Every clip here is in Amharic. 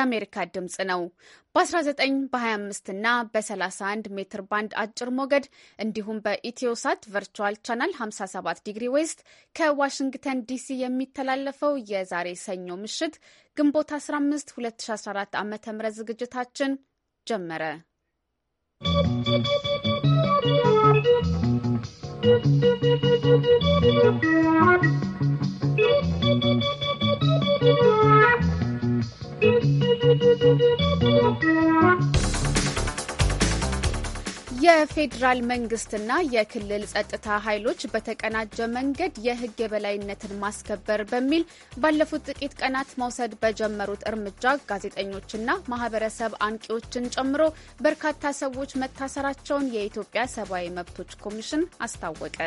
የአሜሪካ ድምፅ ነው። በ19 በ25 እና በ31 ሜትር ባንድ አጭር ሞገድ እንዲሁም በኢትዮሳት ቨርቹዋል ቻናል 57 ዲግሪ ዌስት ከዋሽንግተን ዲሲ የሚተላለፈው የዛሬ ሰኞ ምሽት ግንቦት 15 2014 ዓ ም ዝግጅታችን ጀመረ። ¶¶ የፌዴራል መንግስትና የክልል ጸጥታ ኃይሎች በተቀናጀ መንገድ የህግ የበላይነትን ማስከበር በሚል ባለፉት ጥቂት ቀናት መውሰድ በጀመሩት እርምጃ ጋዜጠኞችና ማህበረሰብ አንቂዎችን ጨምሮ በርካታ ሰዎች መታሰራቸውን የኢትዮጵያ ሰብአዊ መብቶች ኮሚሽን አስታወቀ።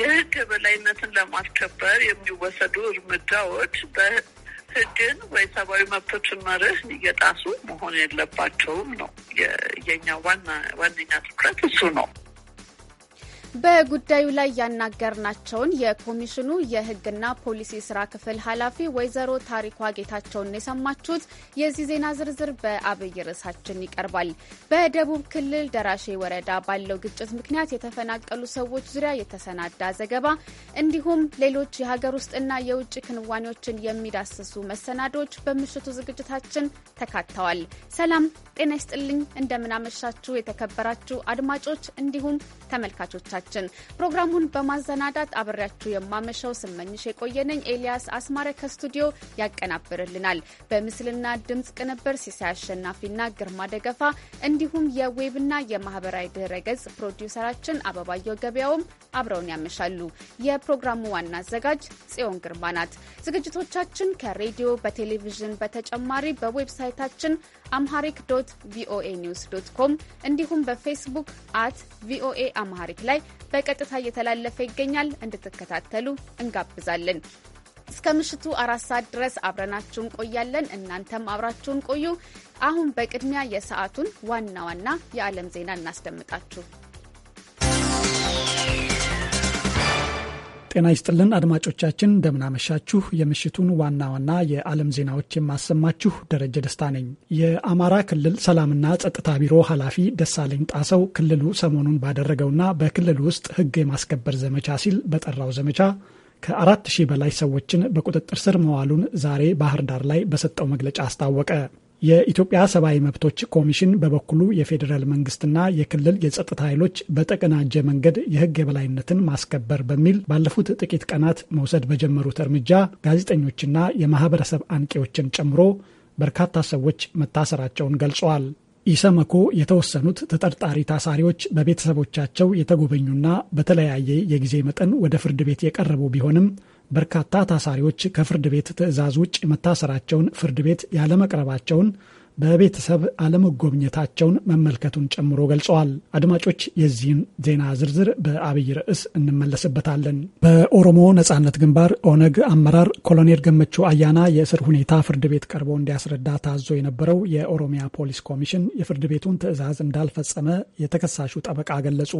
የህግ የበላይነትን ለማስከበር የሚወሰዱ እርምጃዎች ህግን ወይ ሰብአዊ መብቶችን መርህ እየጣሱ መሆን የለባቸውም ነው የኛ ዋና ዋነኛ ትኩረት እሱ ነው። በጉዳዩ ላይ ያናገርናቸውን የኮሚሽኑ የሕግና ፖሊሲ ስራ ክፍል ኃላፊ ወይዘሮ ታሪኳ ጌታቸውን የሰማችሁት። የዚህ ዜና ዝርዝር በአብይ ርዕሳችን ይቀርባል። በደቡብ ክልል ደራሼ ወረዳ ባለው ግጭት ምክንያት የተፈናቀሉ ሰዎች ዙሪያ የተሰናዳ ዘገባ እንዲሁም ሌሎች የሀገር ውስጥና የውጭ ክንዋኔዎችን የሚዳስሱ መሰናዶዎች በምሽቱ ዝግጅታችን ተካተዋል። ሰላም ጤና ይስጥልኝ። እንደምናመሻችሁ የተከበራችሁ አድማጮች እንዲሁም ተመልካቾቻችን ዝግጅታችን። ፕሮግራሙን በማዘናዳት አብሬያችሁ የማመሻው ስመኝሽ የቆየነኝ። ኤልያስ አስማረ ከስቱዲዮ ያቀናብርልናል። በምስልና ድምፅ ቅንብር ሲሳይ አሸናፊና ግርማ ደገፋ እንዲሁም የዌብና የማህበራዊ ድህረ ገጽ ፕሮዲውሰራችን አበባየው ገበያውም አብረውን ያመሻሉ። የፕሮግራሙ ዋና አዘጋጅ ጽዮን ግርማ ናት። ዝግጅቶቻችን ከሬዲዮ በቴሌቪዥን በተጨማሪ በዌብሳይታችን አምሃሪክ ዶት ቪኦኤ ኒውስ ዶት ኮም እንዲሁም በፌስቡክ አት ቪኦኤ አምሃሪክ ላይ በቀጥታ እየተላለፈ ይገኛል። እንድትከታተሉ እንጋብዛለን። እስከ ምሽቱ አራት ሰዓት ድረስ አብረናችሁን ቆያለን። እናንተም አብራችሁን ቆዩ። አሁን በቅድሚያ የሰዓቱን ዋና ዋና የዓለም ዜና እናስደምጣችሁ። ጤና ይስጥልን አድማጮቻችን፣ እንደምናመሻችሁ። የምሽቱን ዋና ዋና የዓለም ዜናዎች የማሰማችሁ ደረጀ ደስታ ነኝ። የአማራ ክልል ሰላምና ጸጥታ ቢሮ ኃላፊ ደሳለኝ ጣሰው ክልሉ ሰሞኑን ባደረገውና በክልሉ ውስጥ ሕግ የማስከበር ዘመቻ ሲል በጠራው ዘመቻ ከአራት ሺህ በላይ ሰዎችን በቁጥጥር ስር መዋሉን ዛሬ ባህር ዳር ላይ በሰጠው መግለጫ አስታወቀ። የኢትዮጵያ ሰብአዊ መብቶች ኮሚሽን በበኩሉ የፌዴራል መንግስትና የክልል የጸጥታ ኃይሎች በተቀናጀ መንገድ የህግ የበላይነትን ማስከበር በሚል ባለፉት ጥቂት ቀናት መውሰድ በጀመሩት እርምጃ ጋዜጠኞችና የማህበረሰብ አንቂዎችን ጨምሮ በርካታ ሰዎች መታሰራቸውን ገልጸዋል። ኢሰመኮ የተወሰኑት ተጠርጣሪ ታሳሪዎች በቤተሰቦቻቸው የተጎበኙና በተለያየ የጊዜ መጠን ወደ ፍርድ ቤት የቀረቡ ቢሆንም በርካታ ታሳሪዎች ከፍርድ ቤት ትዕዛዝ ውጭ መታሰራቸውን፣ ፍርድ ቤት ያለመቅረባቸውን፣ በቤተሰብ አለመጎብኘታቸውን መመልከቱን ጨምሮ ገልጸዋል። አድማጮች፣ የዚህን ዜና ዝርዝር በአብይ ርዕስ እንመለስበታለን። በኦሮሞ ነጻነት ግንባር ኦነግ አመራር ኮሎኔል ገመቹ አያና የእስር ሁኔታ ፍርድ ቤት ቀርቦ እንዲያስረዳ ታዞ የነበረው የኦሮሚያ ፖሊስ ኮሚሽን የፍርድ ቤቱን ትዕዛዝ እንዳልፈጸመ የተከሳሹ ጠበቃ ገለጹ።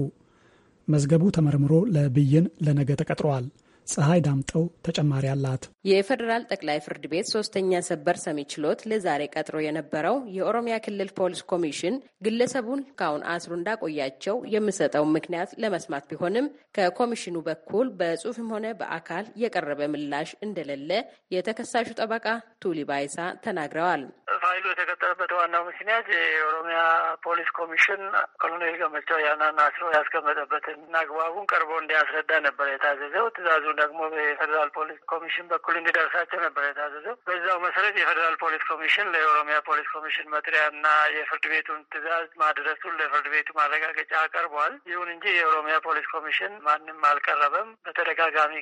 መዝገቡ ተመርምሮ ለብይን ለነገ ተቀጥረዋል። ፀሐይ ዳምጠው ተጨማሪ አላት። የፌዴራል ጠቅላይ ፍርድ ቤት ሶስተኛ ሰበር ሰሚ ችሎት ለዛሬ ቀጥሮ የነበረው የኦሮሚያ ክልል ፖሊስ ኮሚሽን ግለሰቡን ካሁን አስሮ እንዳቆያቸው የምሰጠው ምክንያት ለመስማት ቢሆንም ከኮሚሽኑ በኩል በጽሁፍም ሆነ በአካል የቀረበ ምላሽ እንደሌለ የተከሳሹ ጠበቃ ቱሊ ባይሳ ተናግረዋል። ፋይሉ የተቀጠለበት ዋናው ምክንያት የኦሮሚያ ፖሊስ ኮሚሽን ኮሎኔል ገመቻው ያናን አስሮ ያስቀመጠበትን አግባቡን ቀርቦ እንዲያስረዳ ነበር የታዘዘው። ትእዛዙ ደግሞ የፌዴራል ፖሊስ ኮሚሽን በኩል እንዲደርሳቸው ነበር የታዘዘው። በዛው መሰረት የፌዴራል ፖሊስ ኮሚሽን ለኦሮሚያ ፖሊስ ኮሚሽን መጥሪያና የፍርድ ቤቱን ትዕዛዝ ማድረሱን ለፍርድ ቤቱ ማረጋገጫ አቀርቧል። ይሁን እንጂ የኦሮሚያ ፖሊስ ኮሚሽን ማንም አልቀረበም። በተደጋጋሚ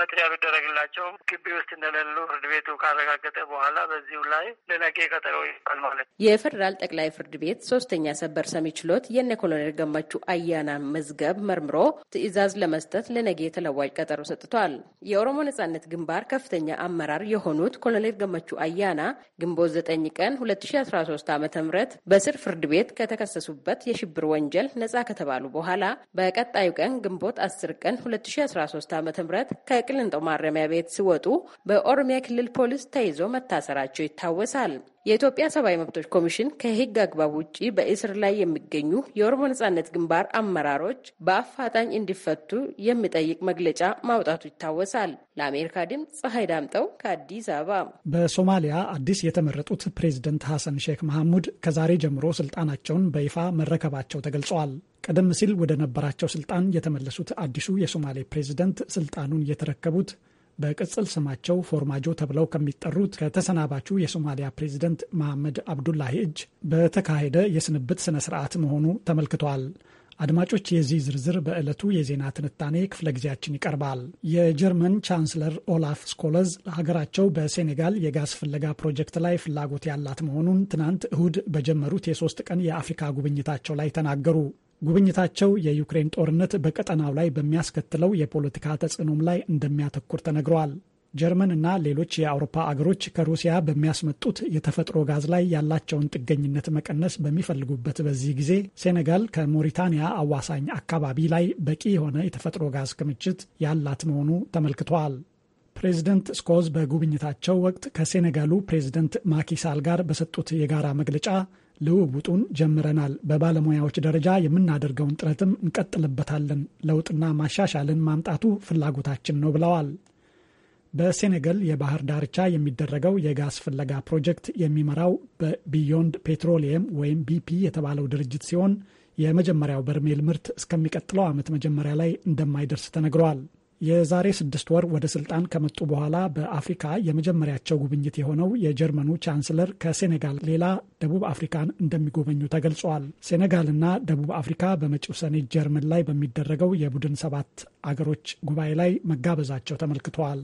መጥሪያ ቢደረግላቸውም ግቢ ውስጥ እንደሌሉ ፍርድ ቤቱ ካረጋገጠ በኋላ በዚሁ ላይ ለነገ ቀጠሮ ይል ማለት የፌዴራል ጠቅላይ ፍርድ ቤት ሶስተኛ ሰበር ሰሚ ችሎት የነ ኮሎኔል ገመቹ አያና መዝገብ መርምሮ ትዕዛዝ ለመስጠት ለነገ የተለዋጭ ቀጠሮ ሰጥቷል። ጀምረዋል። የኦሮሞ ነጻነት ግንባር ከፍተኛ አመራር የሆኑት ኮሎኔል ገመቹ አያና ግንቦት 9 ቀን 2013 ዓ ም በስር ፍርድ ቤት ከተከሰሱበት የሽብር ወንጀል ነጻ ከተባሉ በኋላ በቀጣዩ ቀን ግንቦት 10 ቀን 2013 ዓ ም ከቅልንጦ ማረሚያ ቤት ሲወጡ በኦሮሚያ ክልል ፖሊስ ተይዞ መታሰራቸው ይታወሳል። የኢትዮጵያ ሰብአዊ መብቶች ኮሚሽን ከህግ አግባብ ውጭ በእስር ላይ የሚገኙ የኦሮሞ ነጻነት ግንባር አመራሮች በአፋጣኝ እንዲፈቱ የሚጠይቅ መግለጫ ማውጣቱ ይታወሳል። ለአሜሪካ ድምፅ ፀሐይ ዳምጠው ከአዲስ አበባ። በሶማሊያ አዲስ የተመረጡት ፕሬዝደንት ሐሰን ሼክ መሐሙድ ከዛሬ ጀምሮ ስልጣናቸውን በይፋ መረከባቸው ተገልጸዋል። ቀደም ሲል ወደ ነበራቸው ስልጣን የተመለሱት አዲሱ የሶማሌ ፕሬዝደንት ስልጣኑን የተረከቡት በቅጽል ስማቸው ፎርማጆ ተብለው ከሚጠሩት ከተሰናባቹ የሶማሊያ ፕሬዚደንት መሐመድ አብዱላሂ እጅ በተካሄደ የስንብት ስነ ስርዓት መሆኑ ተመልክቷል። አድማጮች፣ የዚህ ዝርዝር በዕለቱ የዜና ትንታኔ ክፍለ ጊዜያችን ይቀርባል። የጀርመን ቻንስለር ኦላፍ ስኮለዝ ሀገራቸው በሴኔጋል የጋዝ ፍለጋ ፕሮጀክት ላይ ፍላጎት ያላት መሆኑን ትናንት እሁድ በጀመሩት የሶስት ቀን የአፍሪካ ጉብኝታቸው ላይ ተናገሩ። ጉብኝታቸው የዩክሬን ጦርነት በቀጠናው ላይ በሚያስከትለው የፖለቲካ ተጽዕኖም ላይ እንደሚያተኩር ተነግረዋል። ጀርመን እና ሌሎች የአውሮፓ አገሮች ከሩሲያ በሚያስመጡት የተፈጥሮ ጋዝ ላይ ያላቸውን ጥገኝነት መቀነስ በሚፈልጉበት በዚህ ጊዜ ሴኔጋል ከሞሪታንያ አዋሳኝ አካባቢ ላይ በቂ የሆነ የተፈጥሮ ጋዝ ክምችት ያላት መሆኑ ተመልክተዋል። ፕሬዚደንት ስኮዝ በጉብኝታቸው ወቅት ከሴኔጋሉ ፕሬዚደንት ማኪሳል ጋር በሰጡት የጋራ መግለጫ ልውውጡን ጀምረናል። በባለሙያዎች ደረጃ የምናደርገውን ጥረትም እንቀጥልበታለን። ለውጥና ማሻሻልን ማምጣቱ ፍላጎታችን ነው ብለዋል። በሴኔጋል የባህር ዳርቻ የሚደረገው የጋዝ ፍለጋ ፕሮጀክት የሚመራው በቢዮንድ ፔትሮሊየም ወይም ቢፒ የተባለው ድርጅት ሲሆን የመጀመሪያው በርሜል ምርት እስከሚቀጥለው ዓመት መጀመሪያ ላይ እንደማይደርስ ተነግሯል። የዛሬ ስድስት ወር ወደ ስልጣን ከመጡ በኋላ በአፍሪካ የመጀመሪያቸው ጉብኝት የሆነው የጀርመኑ ቻንስለር ከሴኔጋል ሌላ ደቡብ አፍሪካን እንደሚጎበኙ ተገልጿል። ሴኔጋልና ደቡብ አፍሪካ በመጪው ሰኔ ጀርመን ላይ በሚደረገው የቡድን ሰባት አገሮች ጉባኤ ላይ መጋበዛቸው ተመልክተዋል።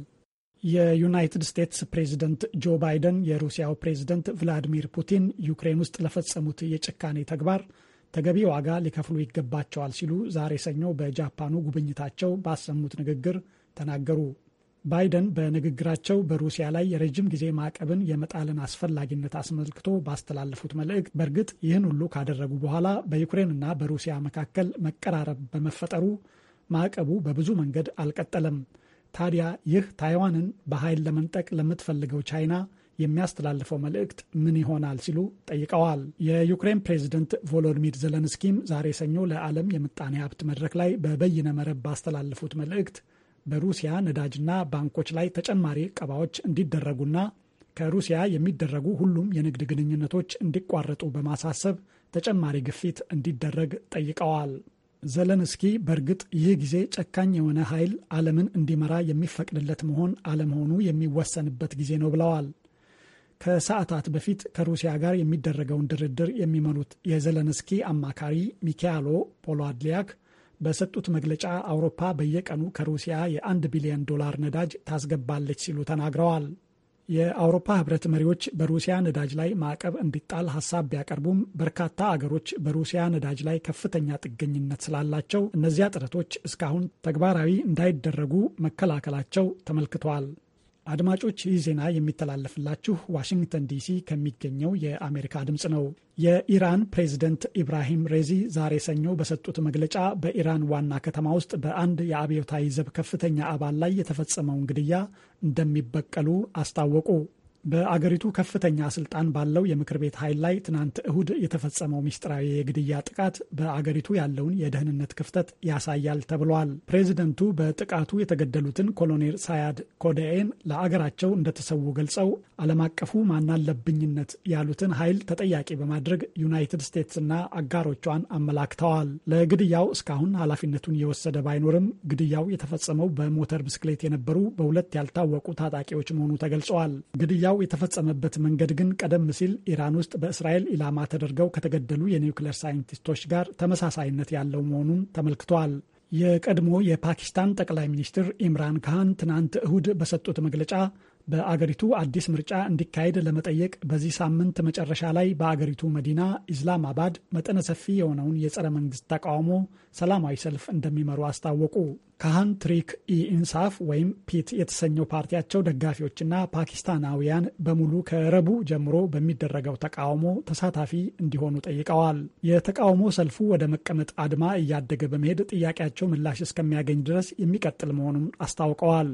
የዩናይትድ ስቴትስ ፕሬዝደንት ጆ ባይደን የሩሲያው ፕሬዝደንት ቭላዲሚር ፑቲን ዩክሬን ውስጥ ለፈጸሙት የጭካኔ ተግባር ተገቢ ዋጋ ሊከፍሉ ይገባቸዋል ሲሉ ዛሬ ሰኞ በጃፓኑ ጉብኝታቸው ባሰሙት ንግግር ተናገሩ። ባይደን በንግግራቸው በሩሲያ ላይ የረጅም ጊዜ ማዕቀብን የመጣልን አስፈላጊነት አስመልክቶ ባስተላለፉት መልእክት በእርግጥ ይህን ሁሉ ካደረጉ በኋላ በዩክሬንና በሩሲያ መካከል መቀራረብ በመፈጠሩ ማዕቀቡ በብዙ መንገድ አልቀጠለም። ታዲያ ይህ ታይዋንን በኃይል ለመንጠቅ ለምትፈልገው ቻይና የሚያስተላልፈው መልእክት ምን ይሆናል ሲሉ ጠይቀዋል። የዩክሬን ፕሬዚደንት ቮሎዲሚር ዘለንስኪም ዛሬ ሰኞ ለዓለም የምጣኔ ሀብት መድረክ ላይ በበይነ መረብ ባስተላለፉት መልእክት በሩሲያ ነዳጅና ባንኮች ላይ ተጨማሪ ቀባዎች እንዲደረጉና ከሩሲያ የሚደረጉ ሁሉም የንግድ ግንኙነቶች እንዲቋረጡ በማሳሰብ ተጨማሪ ግፊት እንዲደረግ ጠይቀዋል። ዘለንስኪ በእርግጥ ይህ ጊዜ ጨካኝ የሆነ ኃይል ዓለምን እንዲመራ የሚፈቅድለት መሆን አለመሆኑ የሚወሰንበት ጊዜ ነው ብለዋል። ከሰዓታት በፊት ከሩሲያ ጋር የሚደረገውን ድርድር የሚመሩት የዘለንስኪ አማካሪ ሚካያሎ ፖሎድሊያክ በሰጡት መግለጫ አውሮፓ በየቀኑ ከሩሲያ የአንድ ቢሊዮን ዶላር ነዳጅ ታስገባለች ሲሉ ተናግረዋል። የአውሮፓ ህብረት መሪዎች በሩሲያ ነዳጅ ላይ ማዕቀብ እንዲጣል ሀሳብ ቢያቀርቡም በርካታ አገሮች በሩሲያ ነዳጅ ላይ ከፍተኛ ጥገኝነት ስላላቸው እነዚያ ጥረቶች እስካሁን ተግባራዊ እንዳይደረጉ መከላከላቸው ተመልክቷል። አድማጮች ይህ ዜና የሚተላለፍላችሁ ዋሽንግተን ዲሲ ከሚገኘው የአሜሪካ ድምፅ ነው። የኢራን ፕሬዝደንት ኢብራሂም ሬዚ ዛሬ ሰኞ በሰጡት መግለጫ በኢራን ዋና ከተማ ውስጥ በአንድ የአብዮታዊ ዘብ ከፍተኛ አባል ላይ የተፈጸመውን ግድያ እንደሚበቀሉ አስታወቁ። በአገሪቱ ከፍተኛ ስልጣን ባለው የምክር ቤት ኃይል ላይ ትናንት እሁድ የተፈጸመው ምስጢራዊ የግድያ ጥቃት በአገሪቱ ያለውን የደህንነት ክፍተት ያሳያል ተብሏል። ፕሬዚደንቱ በጥቃቱ የተገደሉትን ኮሎኔል ሳያድ ኮደኤን ለአገራቸው እንደተሰዉ ገልጸው ዓለም አቀፉ ማናለብኝነት ያሉትን ኃይል ተጠያቂ በማድረግ ዩናይትድ ስቴትስና አጋሮቿን አመላክተዋል። ለግድያው እስካሁን ኃላፊነቱን የወሰደ ባይኖርም ግድያው የተፈጸመው በሞተር ብስክሌት የነበሩ በሁለት ያልታወቁ ታጣቂዎች መሆኑ ተገልጸዋል። ግድያው ድብደባው የተፈጸመበት መንገድ ግን ቀደም ሲል ኢራን ውስጥ በእስራኤል ኢላማ ተደርገው ከተገደሉ የኒውክሌር ሳይንቲስቶች ጋር ተመሳሳይነት ያለው መሆኑን ተመልክቷል። የቀድሞ የፓኪስታን ጠቅላይ ሚኒስትር ኢምራን ካህን ትናንት እሁድ በሰጡት መግለጫ በአገሪቱ አዲስ ምርጫ እንዲካሄድ ለመጠየቅ በዚህ ሳምንት መጨረሻ ላይ በአገሪቱ መዲና ኢስላማባድ መጠነ ሰፊ የሆነውን የጸረ መንግስት ተቃውሞ ሰላማዊ ሰልፍ እንደሚመሩ አስታወቁ። ካህን ትሪክ ኢኢንሳፍ ወይም ፒት የተሰኘው ፓርቲያቸው ደጋፊዎችና ፓኪስታናውያን በሙሉ ከረቡ ጀምሮ በሚደረገው ተቃውሞ ተሳታፊ እንዲሆኑ ጠይቀዋል። የተቃውሞ ሰልፉ ወደ መቀመጥ አድማ እያደገ በመሄድ ጥያቄያቸው ምላሽ እስከሚያገኝ ድረስ የሚቀጥል መሆኑን አስታውቀዋል።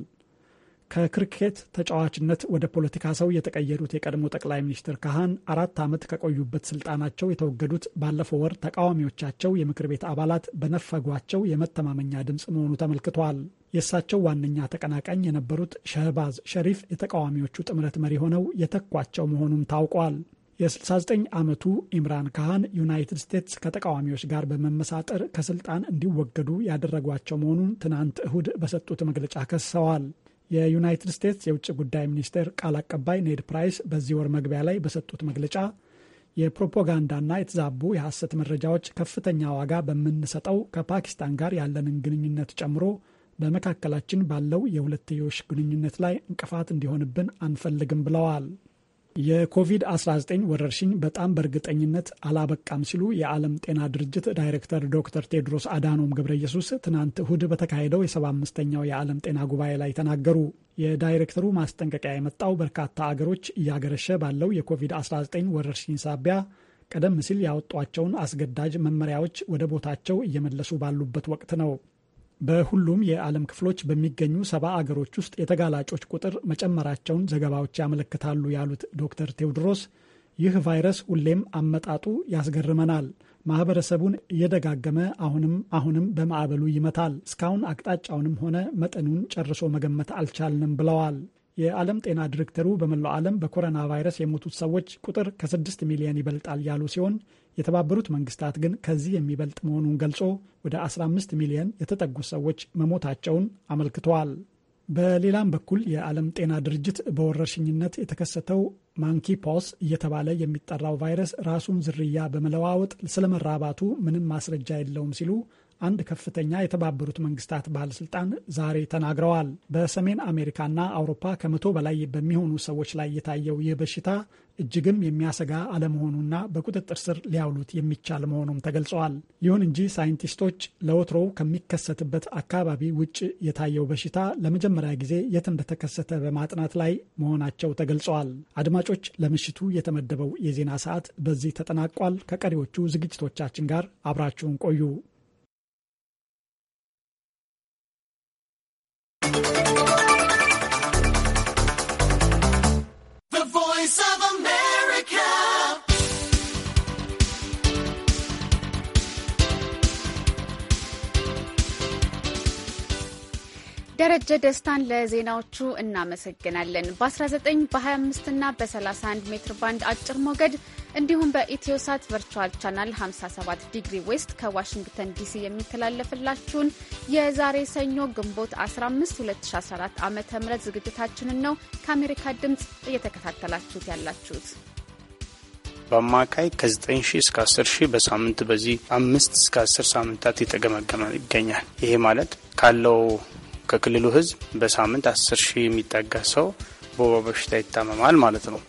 ከክሪኬት ተጫዋችነት ወደ ፖለቲካ ሰው የተቀየሩት የቀድሞ ጠቅላይ ሚኒስትር ካህን አራት ዓመት ከቆዩበት ስልጣናቸው የተወገዱት ባለፈው ወር ተቃዋሚዎቻቸው የምክር ቤት አባላት በነፈጓቸው የመተማመኛ ድምፅ መሆኑ ተመልክቷል። የእሳቸው ዋነኛ ተቀናቃኝ የነበሩት ሸህባዝ ሸሪፍ የተቃዋሚዎቹ ጥምረት መሪ ሆነው የተኳቸው መሆኑም ታውቋል። የ69 ዓመቱ ኢምራን ካህን ዩናይትድ ስቴትስ ከተቃዋሚዎች ጋር በመመሳጠር ከስልጣን እንዲወገዱ ያደረጓቸው መሆኑን ትናንት እሁድ በሰጡት መግለጫ ከሰዋል። የዩናይትድ ስቴትስ የውጭ ጉዳይ ሚኒስቴር ቃል አቀባይ ኔድ ፕራይስ በዚህ ወር መግቢያ ላይ በሰጡት መግለጫ የፕሮፓጋንዳና የተዛቡ የሐሰት መረጃዎች ከፍተኛ ዋጋ በምንሰጠው ከፓኪስታን ጋር ያለንን ግንኙነት ጨምሮ በመካከላችን ባለው የሁለትዮሽ ግንኙነት ላይ እንቅፋት እንዲሆንብን አንፈልግም ብለዋል። የኮቪድ-19 ወረርሽኝ በጣም በእርግጠኝነት አላበቃም ሲሉ የዓለም ጤና ድርጅት ዳይሬክተር ዶክተር ቴድሮስ አዳኖም ገብረ ኢየሱስ ትናንት እሁድ በተካሄደው የ75ኛው የዓለም ጤና ጉባኤ ላይ ተናገሩ። የዳይሬክተሩ ማስጠንቀቂያ የመጣው በርካታ አገሮች እያገረሸ ባለው የኮቪድ-19 ወረርሽኝ ሳቢያ ቀደም ሲል ያወጧቸውን አስገዳጅ መመሪያዎች ወደ ቦታቸው እየመለሱ ባሉበት ወቅት ነው። በሁሉም የዓለም ክፍሎች በሚገኙ ሰባ አገሮች ውስጥ የተጋላጮች ቁጥር መጨመራቸውን ዘገባዎች ያመለክታሉ ያሉት ዶክተር ቴዎድሮስ ይህ ቫይረስ ሁሌም አመጣጡ ያስገርመናል። ማህበረሰቡን እየደጋገመ አሁንም አሁንም በማዕበሉ ይመታል። እስካሁን አቅጣጫውንም ሆነ መጠኑን ጨርሶ መገመት አልቻልንም ብለዋል። የዓለም ጤና ዲሬክተሩ በመላው ዓለም በኮሮና ቫይረስ የሞቱት ሰዎች ቁጥር ከ ከ6 ሚሊዮን ይበልጣል ያሉ ሲሆን የተባበሩት መንግስታት ግን ከዚህ የሚበልጥ መሆኑን ገልጾ ወደ 15 ሚሊዮን የተጠጉ ሰዎች መሞታቸውን አመልክተዋል። በሌላም በኩል የዓለም ጤና ድርጅት በወረርሽኝነት የተከሰተው ማንኪ ፖስ እየተባለ የሚጠራው ቫይረስ ራሱን ዝርያ በመለዋወጥ ስለመራባቱ ምንም ማስረጃ የለውም ሲሉ አንድ ከፍተኛ የተባበሩት መንግስታት ባለስልጣን ዛሬ ተናግረዋል። በሰሜን አሜሪካና አውሮፓ ከመቶ በላይ በሚሆኑ ሰዎች ላይ የታየው ይህ በሽታ እጅግም የሚያሰጋ አለመሆኑና በቁጥጥር ስር ሊያውሉት የሚቻል መሆኑም ተገልጸዋል። ይሁን እንጂ ሳይንቲስቶች ለወትሮው ከሚከሰትበት አካባቢ ውጭ የታየው በሽታ ለመጀመሪያ ጊዜ የት እንደተከሰተ በማጥናት ላይ መሆናቸው ተገልጸዋል። አድማጮች፣ ለምሽቱ የተመደበው የዜና ሰዓት በዚህ ተጠናቋል። ከቀሪዎቹ ዝግጅቶቻችን ጋር አብራችሁን ቆዩ። ደረጀ ደስታን ለዜናዎቹ እናመሰግናለን። በ19 በ25 እና በ31 ሜትር ባንድ አጭር ሞገድ እንዲሁም በኢትዮሳት ቨርቹዋል ቻናል 57 ዲግሪ ዌስት ከዋሽንግተን ዲሲ የሚተላለፍላችሁን የዛሬ ሰኞ ግንቦት 15 2014 ዓ ም ዝግጅታችንን ነው ከአሜሪካ ድምፅ እየተከታተላችሁት ያላችሁት። በአማካይ ከ9 ሺህ እስከ 10 ሺህ በሳምንት በዚህ አምስት እስከ 10 ሳምንታት የተገመገመ ይገኛል። ይሄ ማለት ካለው ከክልሉ ህዝብ በሳምንት 10 ሺህ የሚጠጋ ሰው በወባ በሽታ ይታመማል ማለት ነው።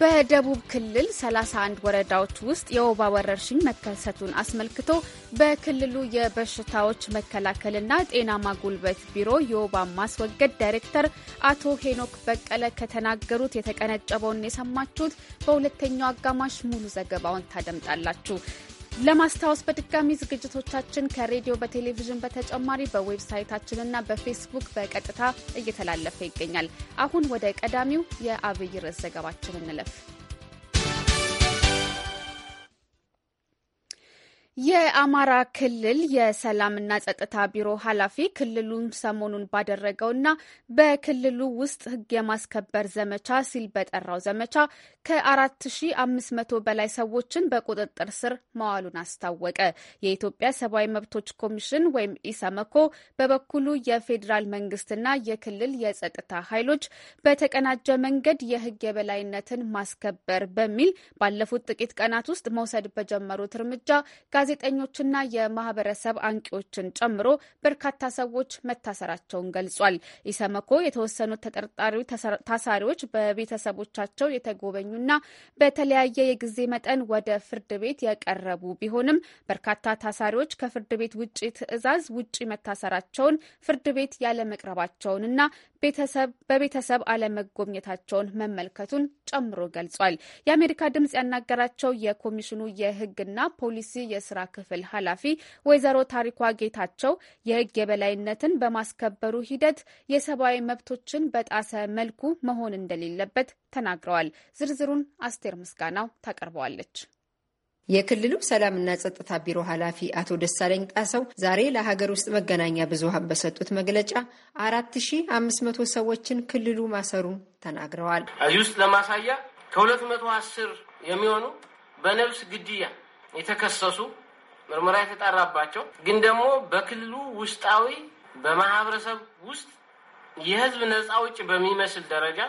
በደቡብ ክልል 31 ወረዳዎች ውስጥ የወባ ወረርሽኝ መከሰቱን አስመልክቶ በክልሉ የበሽታዎች መከላከልና ጤና ማጉልበት ቢሮ የወባ ማስወገድ ዳይሬክተር አቶ ሄኖክ በቀለ ከተናገሩት የተቀነጨበውን የሰማችሁት። በሁለተኛው አጋማሽ ሙሉ ዘገባውን ታደምጣላችሁ። ለማስታወስ በድጋሚ ዝግጅቶቻችን ከሬዲዮ በቴሌቪዥን በተጨማሪ በዌብሳይታችንና በፌስቡክ በቀጥታ እየተላለፈ ይገኛል። አሁን ወደ ቀዳሚው የአብይ ርዕስ ዘገባችን እንለፍ። የአማራ ክልል የሰላምና ጸጥታ ቢሮ ኃላፊ ክልሉን ሰሞኑን ባደረገውና በክልሉ ውስጥ ሕግ የማስከበር ዘመቻ ሲል በጠራው ዘመቻ ከ4500 በላይ ሰዎችን በቁጥጥር ስር መዋሉን አስታወቀ። የኢትዮጵያ ሰብአዊ መብቶች ኮሚሽን ወይም ኢሰመኮ በበኩሉ የፌዴራል መንግስትና የክልል የጸጥታ ኃይሎች በተቀናጀ መንገድ የሕግ የበላይነትን ማስከበር በሚል ባለፉት ጥቂት ቀናት ውስጥ መውሰድ በጀመሩት እርምጃ ጋዜጠኞችና የማህበረሰብ አንቂዎችን ጨምሮ በርካታ ሰዎች መታሰራቸውን ገልጿል። ኢሰመኮ የተወሰኑት ተጠርጣሪ ታሳሪዎች በቤተሰቦቻቸው የተጎበኙና በተለያየ የጊዜ መጠን ወደ ፍርድ ቤት የቀረቡ ቢሆንም በርካታ ታሳሪዎች ከፍርድ ቤት ውጭ ትዕዛዝ ውጭ መታሰራቸውን ፍርድ ቤት ያለመቅረባቸውንና ቤተሰብ በቤተሰብ አለመጎብኘታቸውን መመልከቱን ጨምሮ ገልጿል። የአሜሪካ ድምጽ ያናገራቸው የኮሚሽኑ የሕግና ፖሊሲ የስራ ክፍል ኃላፊ ወይዘሮ ታሪኳ ጌታቸው የሕግ የበላይነትን በማስከበሩ ሂደት የሰብአዊ መብቶችን በጣሰ መልኩ መሆን እንደሌለበት ተናግረዋል። ዝርዝሩን አስቴር ምስጋናው ታቀርበዋለች። የክልሉ ሰላምና ጸጥታ ቢሮ ኃላፊ አቶ ደሳለኝ ጣሰው ዛሬ ለሀገር ውስጥ መገናኛ ብዙኃን በሰጡት መግለጫ አራት ሺ አምስት መቶ ሰዎችን ክልሉ ማሰሩን ተናግረዋል። እዚህ ውስጥ ለማሳያ ከሁለት መቶ አስር የሚሆኑ በነብስ ግድያ የተከሰሱ ምርመራ የተጣራባቸው ግን ደግሞ በክልሉ ውስጣዊ በማህበረሰብ ውስጥ የህዝብ ነጻ አውጪ በሚመስል ደረጃ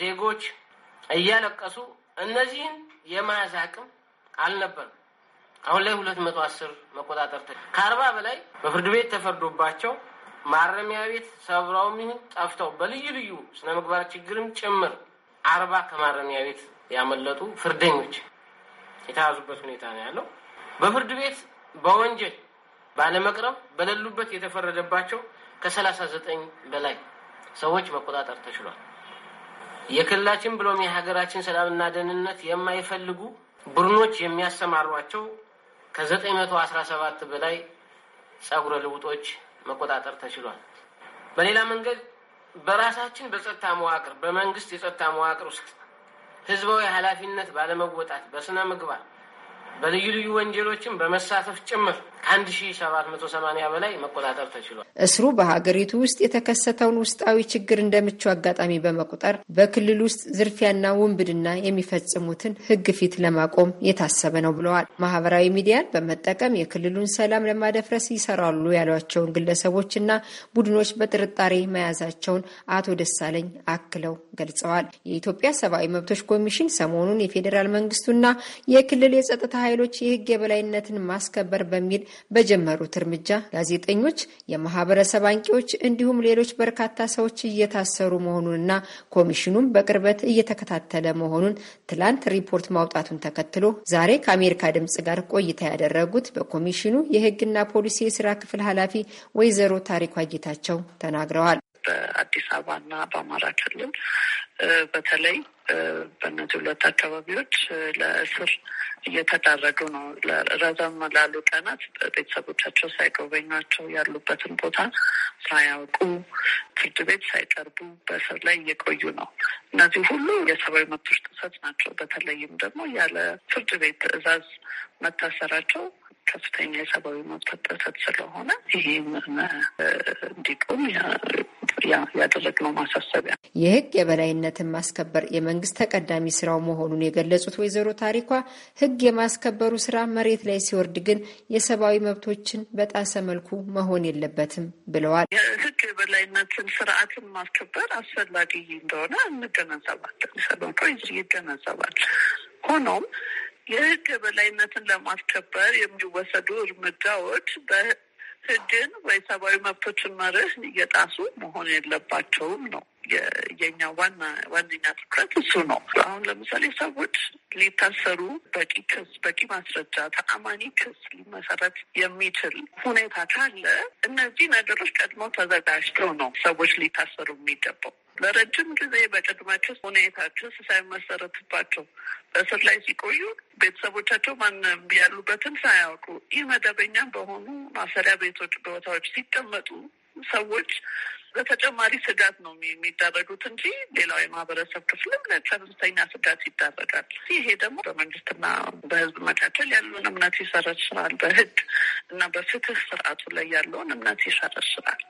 ዜጎች እያለቀሱ እነዚህን የማያዝ አቅም አልነበርም። አሁን ላይ ሁለት መቶ አስር መቆጣጠር ከአርባ በላይ በፍርድ ቤት ተፈርዶባቸው ማረሚያ ቤት ሰብረውም ይሁን ጠፍተው በልዩ ልዩ ስነ ምግባር ችግርም ጭምር አርባ ከማረሚያ ቤት ያመለጡ ፍርደኞች የተያዙበት ሁኔታ ነው ያለው። በፍርድ ቤት በወንጀል ባለመቅረብ በሌሉበት የተፈረደባቸው ከሰላሳ ዘጠኝ በላይ ሰዎች መቆጣጠር ተችሏል። የክልላችን ብሎም የሀገራችን ሰላምና ደህንነት የማይፈልጉ ቡድኖች የሚያሰማሯቸው ከ ሰባት በላይ ጸጉረ ልውጦች መቆጣጠር ተችሏል። በሌላ መንገድ በራሳችን በጸጥታ መዋቅር በመንግስት የጸጥታ መዋቅር ውስጥ ህዝባዊ ኃላፊነት ባለመወጣት በስነ ምግባር በልዩ ልዩ ወንጀሎችም በመሳተፍ ጭምር ከ ሰማኒያ በላይ መቆጣጠር ተችሏል። እስሩ በሀገሪቱ ውስጥ የተከሰተውን ውስጣዊ ችግር እንደ ምቹ አጋጣሚ በመቁጠር በክልል ውስጥ ዝርፊያና ውንብድና የሚፈጽሙትን ሕግ ፊት ለማቆም የታሰበ ነው ብለዋል። ማህበራዊ ሚዲያን በመጠቀም የክልሉን ሰላም ለማደፍረስ ይሰራሉ ያሏቸውን ግለሰቦችና ቡድኖች በጥርጣሬ መያዛቸውን አቶ ደሳለኝ አክለው ገልጸዋል። የኢትዮጵያ ሰብአዊ መብቶች ኮሚሽን ሰሞኑን የፌዴራል መንግስቱና የክልል የጸጥታ ኃይሎች የህግ የበላይነትን ማስከበር በሚል በጀመሩት እርምጃ ጋዜጠኞች፣ የማህበረሰብ አንቂዎች እንዲሁም ሌሎች በርካታ ሰዎች እየታሰሩ መሆኑንና ኮሚሽኑም በቅርበት እየተከታተለ መሆኑን ትላንት ሪፖርት ማውጣቱን ተከትሎ ዛሬ ከአሜሪካ ድምጽ ጋር ቆይታ ያደረጉት በኮሚሽኑ የህግና ፖሊሲ የስራ ክፍል ኃላፊ ወይዘሮ ታሪኳ ጌታቸው ተናግረዋል። በአዲስ አበባና በአማራ ክልል በተለይ በእነዚህ ሁለት አካባቢዎች ለእስር እየተዳረጉ ነው። ረዘም ላሉ ቀናት ቤተሰቦቻቸው ሳይጎበኟቸው ያሉበትን ቦታ ሳያውቁ ፍርድ ቤት ሳይቀርቡ በእስር ላይ እየቆዩ ነው። እነዚህ ሁሉ የሰብአዊ መብቶች ጥሰት ናቸው። በተለይም ደግሞ ያለ ፍርድ ቤት ትዕዛዝ መታሰራቸው ከፍተኛ የሰብአዊ መብት ጥሰት ስለሆነ ይሄ እንዲቁም ያደረግነው ማሳሰቢያ። የህግ የበላይነትን ማስከበር የመንግስት ተቀዳሚ ስራው መሆኑን የገለጹት ወይዘሮ ታሪኳ ህግ የማስከበሩ ስራ መሬት ላይ ሲወርድ ግን የሰብአዊ መብቶችን በጣሰ መልኩ መሆን የለበትም ብለዋል። የህግ የበላይነትን ስርዓትን ማስከበር አስፈላጊ እንደሆነ እንገነዘባለን። ሰ ይገነዘባል ሆኖም የህግ የበላይነትን ለማስከበር የሚወሰዱ እርምጃዎች በህግን ወይ ሰብአዊ መብቶችን መርህ እየጣሱ መሆን የለባቸውም ነው የኛ ዋና ዋነኛ ትኩረት እሱ ነው። አሁን ለምሳሌ ሰዎች ሊታሰሩ በቂ ክስ፣ በቂ ማስረጃ፣ ተአማኒ ክስ ሊመሰረት የሚችል ሁኔታ ካለ እነዚህ ነገሮች ቀድሞ ተዘጋጅተው ነው ሰዎች ሊታሰሩ የሚገባው። ለረጅም ጊዜ በቅድማቸው ሁኔታቸው ሳይመሰረትባቸው በእስር ላይ ሲቆዩ ቤተሰቦቻቸው ማንም ያሉበትን ሳያውቁ ይህ መደበኛ በሆኑ ማሰሪያ ቤቶች ቦታዎች ሲቀመጡ ሰዎች በተጨማሪ ስጋት ነው የሚደረጉት እንጂ ሌላው የማህበረሰብ ክፍልም ለከፍተኛ ስጋት ይዳረጋል። ይሄ ደግሞ በመንግስትና በህዝብ መካከል ያለውን እምነት ይሸረሽራል። በህግ እና በፍትህ ስርዓቱ ላይ ያለውን እምነት ይሸረሽራል።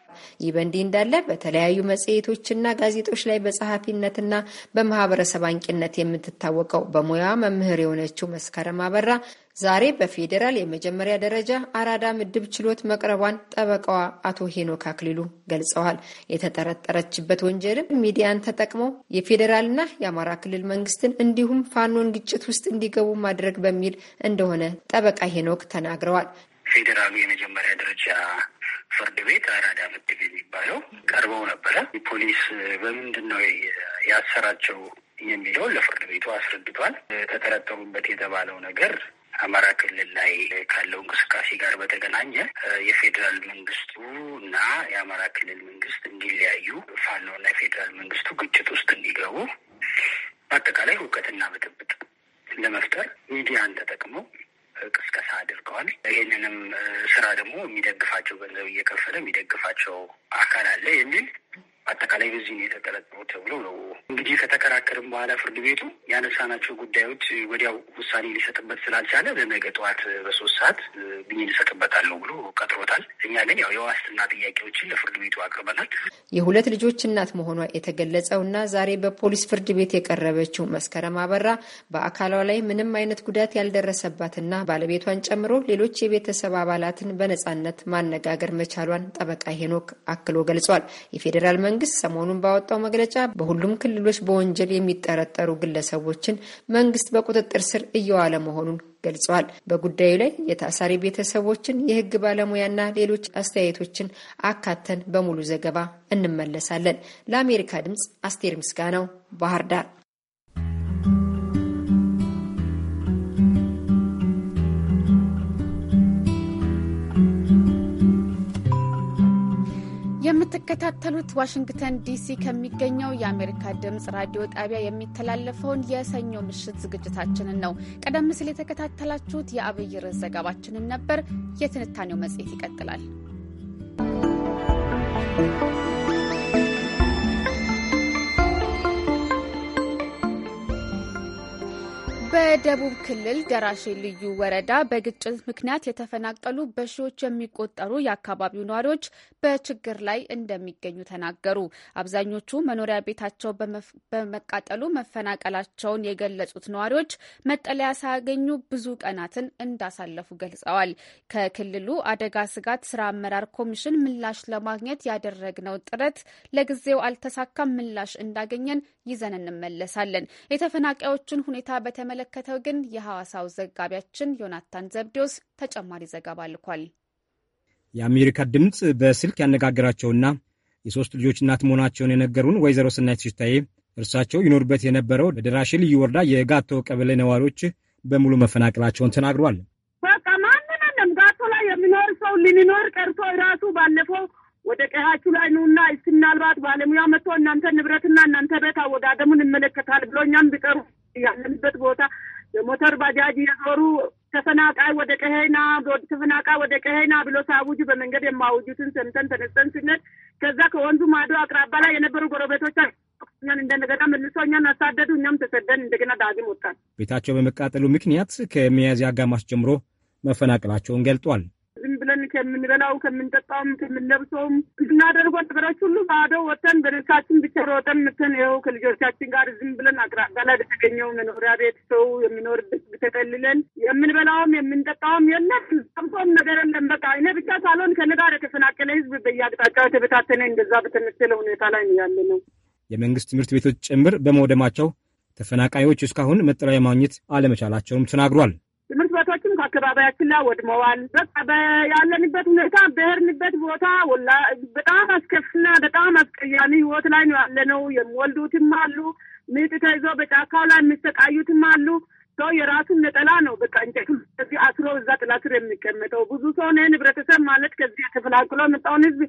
ይህ በእንዲህ እንዳለ በተለያዩ መጽሔቶችና ጋዜጦች ላይ በጸሐፊነትና በማህበረሰብ አንቂነት የምትታወቀው በሙያዋ መምህር የሆነችው መስከረም አበራ ዛሬ በፌዴራል የመጀመሪያ ደረጃ አራዳ ምድብ ችሎት መቅረቧን ጠበቃዋ አቶ ሄኖክ አክሊሉ ገልጸዋል። የተጠረጠረችበት ወንጀልም ሚዲያን ተጠቅመው የፌዴራልና የአማራ ክልል መንግስትን እንዲሁም ፋኖን ግጭት ውስጥ እንዲገቡ ማድረግ በሚል እንደሆነ ጠበቃ ሄኖክ ተናግረዋል። ፌዴራሉ የመጀመሪያ ደረጃ ፍርድ ቤት አራዳ ምድብ የሚባለው ቀርበው ነበረ። ፖሊስ በምንድን ነው ያሰራቸው የሚለው ለፍርድ ቤቱ አስረድቷል። ተጠረጠሩበት የተባለው ነገር አማራ ክልል ላይ ካለው እንቅስቃሴ ጋር በተገናኘ የፌዴራል መንግስቱ እና የአማራ ክልል መንግስት እንዲለያዩ፣ ፋኖና የፌዴራል መንግስቱ ግጭት ውስጥ እንዲገቡ፣ በአጠቃላይ እውቀትና ብጥብጥ ለመፍጠር ሚዲያን ተጠቅመው ቅስቀሳ አድርገዋል። ይህንንም ስራ ደግሞ የሚደግፋቸው ገንዘብ እየከፈለ የሚደግፋቸው አካል አለ የሚል አጠቃላይ በዚህ ነው የተጠረጠሩ ተብሎ ነው እንግዲህ ከተከራከርም በኋላ ፍርድ ቤቱ ያነሳናቸው ጉዳዮች ወዲያው ውሳኔ ሊሰጥበት ስላልቻለ በነገ ጠዋት በሶስት ሰዓት ብይን ልሰጥበታለሁ ብሎ ቀጥሮታል። እኛ ግን ያው የዋስትና ጥያቄዎችን ለፍርድ ቤቱ አቅርበናል። የሁለት ልጆች እናት መሆኗ የተገለጸው እና ዛሬ በፖሊስ ፍርድ ቤት የቀረበችው መስከረም አበራ በአካሏ ላይ ምንም አይነት ጉዳት ያልደረሰባትና ባለቤቷን ጨምሮ ሌሎች የቤተሰብ አባላትን በነጻነት ማነጋገር መቻሏን ጠበቃ ሄኖክ አክሎ ገልጿል። የፌዴራል መንግስት መንግስት ሰሞኑን ባወጣው መግለጫ በሁሉም ክልሎች በወንጀል የሚጠረጠሩ ግለሰቦችን መንግስት በቁጥጥር ስር እየዋለ መሆኑን ገልጿል። በጉዳዩ ላይ የታሳሪ ቤተሰቦችን፣ የህግ ባለሙያና ሌሎች አስተያየቶችን አካተን በሙሉ ዘገባ እንመለሳለን። ለአሜሪካ ድምፅ አስቴር ምስጋናው ባህር ዳር። የምትከታተሉት ዋሽንግተን ዲሲ ከሚገኘው የአሜሪካ ድምፅ ራዲዮ ጣቢያ የሚተላለፈውን የሰኞ ምሽት ዝግጅታችንን ነው። ቀደም ሲል የተከታተላችሁት የአብይ ርዕስ ዘገባችንን ነበር። የትንታኔው መጽሔት ይቀጥላል። በደቡብ ክልል ደራሼ ልዩ ወረዳ በግጭት ምክንያት የተፈናቀሉ በሺዎች የሚቆጠሩ የአካባቢው ነዋሪዎች በችግር ላይ እንደሚገኙ ተናገሩ። አብዛኞቹ መኖሪያ ቤታቸው በመቃጠሉ መፈናቀላቸውን የገለጹት ነዋሪዎች መጠለያ ሳያገኙ ብዙ ቀናትን እንዳሳለፉ ገልጸዋል። ከክልሉ አደጋ ስጋት ስራ አመራር ኮሚሽን ምላሽ ለማግኘት ያደረግነው ጥረት ለጊዜው አልተሳካም። ምላሽ እንዳገኘን ይዘን እንመለሳለን። የተፈናቃዮችን ሁኔታ በተመለከተ በተመለከተው ግን የሐዋሳው ዘጋቢያችን ዮናታን ዘብዴዎስ ተጨማሪ ዘገባ ልኳል። የአሜሪካ ድምፅ በስልክ ያነጋገራቸውና የሶስት ልጆች እናት መሆናቸውን የነገሩን ወይዘሮ ስናይት ሽታዬ እርሳቸው ይኖሩበት የነበረው በደራሼ ልዩ ወረዳ የጋቶ ቀበሌ ነዋሪዎች በሙሉ መፈናቀላቸውን ተናግሯል። በቃ ማንም ጋቶ ላይ የሚኖር ሰው ሊኖር ቀርቶ ራሱ ባለፈው ወደ ቀያችሁ ላይ ኑና እስኪ ምናልባት ባለሙያ መጥቶ እናንተ ንብረትና እናንተ ቤት አወዳደሙን ይመለከታል ብሎ እኛም ቢቀሩ ያለንበት ቦታ የሞተር ባጃጅ የዞሩ ተፈናቃይ ወደ ቀሄና ተፈናቃይ ወደ ቀሄና ብሎ ሳውጁ በመንገድ የማውጁትን ሰምተን ተነስተን ስነት ከዛ ከወንዙ ማዶ አቅራባ ላይ የነበሩ ጎረቤቶች እኛን እንደገና መልሶ እኛን አሳደዱ። እኛም ተሰደን እንደገና ዳግም ወጣን። ቤታቸው በመቃጠሉ ምክንያት ከሚያዝያ አጋማሽ ጀምሮ መፈናቀላቸውን ገልጧል። ብለን ከምንበላው ከምንጠጣውም ከምንለብሰውም እናደርጎ ነገሮች ሁሉ ባዶ ወተን በደስታችን ብቻ ሮጠን ምትን ይኸው ከልጆቻችን ጋር ዝም ብለን አቅራቢያ ላይ መኖሪያ ቤት ሰው የሚኖርበት ተጠልለን የምንበላውም የምንጠጣውም የለም። ጠምቶም ነገር የለም። በቃ እኔ ብቻ ሳልሆን ከእኔ ጋር የተፈናቀለ ህዝብ በየአቅጣጫው የተበታተነ እንደዛ በተመሰለ ሁኔታ ላይ ያለ ነው። የመንግስት ትምህርት ቤቶች ጭምር በመውደማቸው ተፈናቃዮች እስካሁን መጠለያ ማግኘት አለመቻላቸውም ተናግሯል። አካባቢያችን ላይ ወድመዋል። በቃ ያለንበት ሁኔታ በሄድንበት ቦታ ወላ በጣም አስከፍና በጣም አስቀያሚ ህይወት ላይ ነው ያለነው። የሚወልዱትም አሉ፣ ምጥ ተይዞ በጫካው ላይ የሚሰቃዩትም አሉ። ሰው የራሱን ነጠላ ነው በቃ እንጨት እዚህ አስሮ እዛ ጥላ ስር የሚቀመጠው ብዙ ሰው ነ ህብረተሰብ ማለት ከዚህ የተፈላቅሎ መጣውን ህዝብ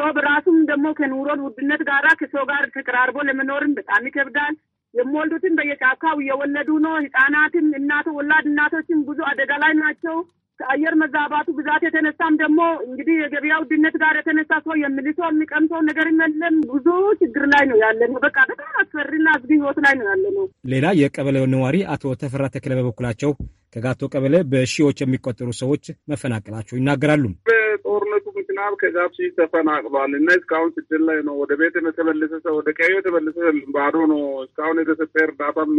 ሰው በራሱም ደግሞ ከኑሮን ውድነት ጋራ ከሰው ጋር ተቀራርቦ ለመኖርም በጣም ይከብዳል። የሚወልዱትን በየጫካው እየወለዱ ነው። ህጻናትን እናቶ ወላድ እናቶችን ብዙ አደጋ ላይ ናቸው። ከአየር መዛባቱ ብዛት የተነሳም ደግሞ እንግዲህ የገበያ ውድነት ጋር የተነሳ ሰው የምልሶ የሚቀምሰው ነገር የለም። ብዙ ችግር ላይ ነው ያለ ነው። በቃ በጣም አስፈሪና አስጊ ህይወት ላይ ነው ያለ ነው። ሌላ የቀበሌው ነዋሪ አቶ ተፈራ ተክለ በበኩላቸው ከጋቶ ቀበሌ በሺዎች የሚቆጠሩ ሰዎች መፈናቀላቸው ይናገራሉ። ዝናብ ከዛፍ ሺህ ተፈናቅሏል እና እስካሁን ስድል ላይ ነው። ወደ ቤት የተመለሰ ሰው ወደ ቀዩ የተመለሰ ባዶ ነው። እስካሁን የተሰጠ እርዳታም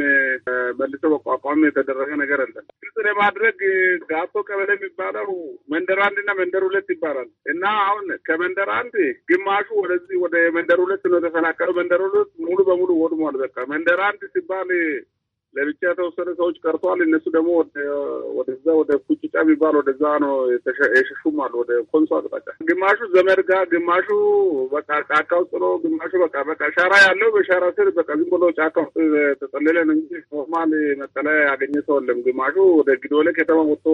መልሶ በቋቋም የተደረገ ነገር አለን። ግልጽ ለማድረግ ጋቶ ቀበሌ የሚባለው መንደር አንድና መንደር ሁለት ይባላል እና አሁን ከመንደር አንድ ግማሹ ወደዚህ ወደ መንደር ሁለት ነው የተፈናቀለው። መንደር ሁለት ሙሉ በሙሉ ወድሟል። በቃ መንደር አንድ ሲባል ለብቻ የተወሰነ ሰዎች ቀርተዋል። እነሱ ደግሞ ወደዛ ወደ ፉጭጫ የሚባል ወደዛ ነው የሸሹም አሉ፣ ወደ ኮንሶ አቅጣጫ። ግማሹ ዘመድ ጋ፣ ግማሹ በቃ ጫካ ውስጥ ነው፣ ግማሹ በቃ በቃ ሸራ ያለው በሸራ ስር በቃ ዝም ብሎ ጫካ ውስጥ ተጠለለ ነው እንጂ ኖርማል መጠለያ ያገኘ ሰው የለም። ግማሹ ወደ ግዶለ ከተማ ወጥቶ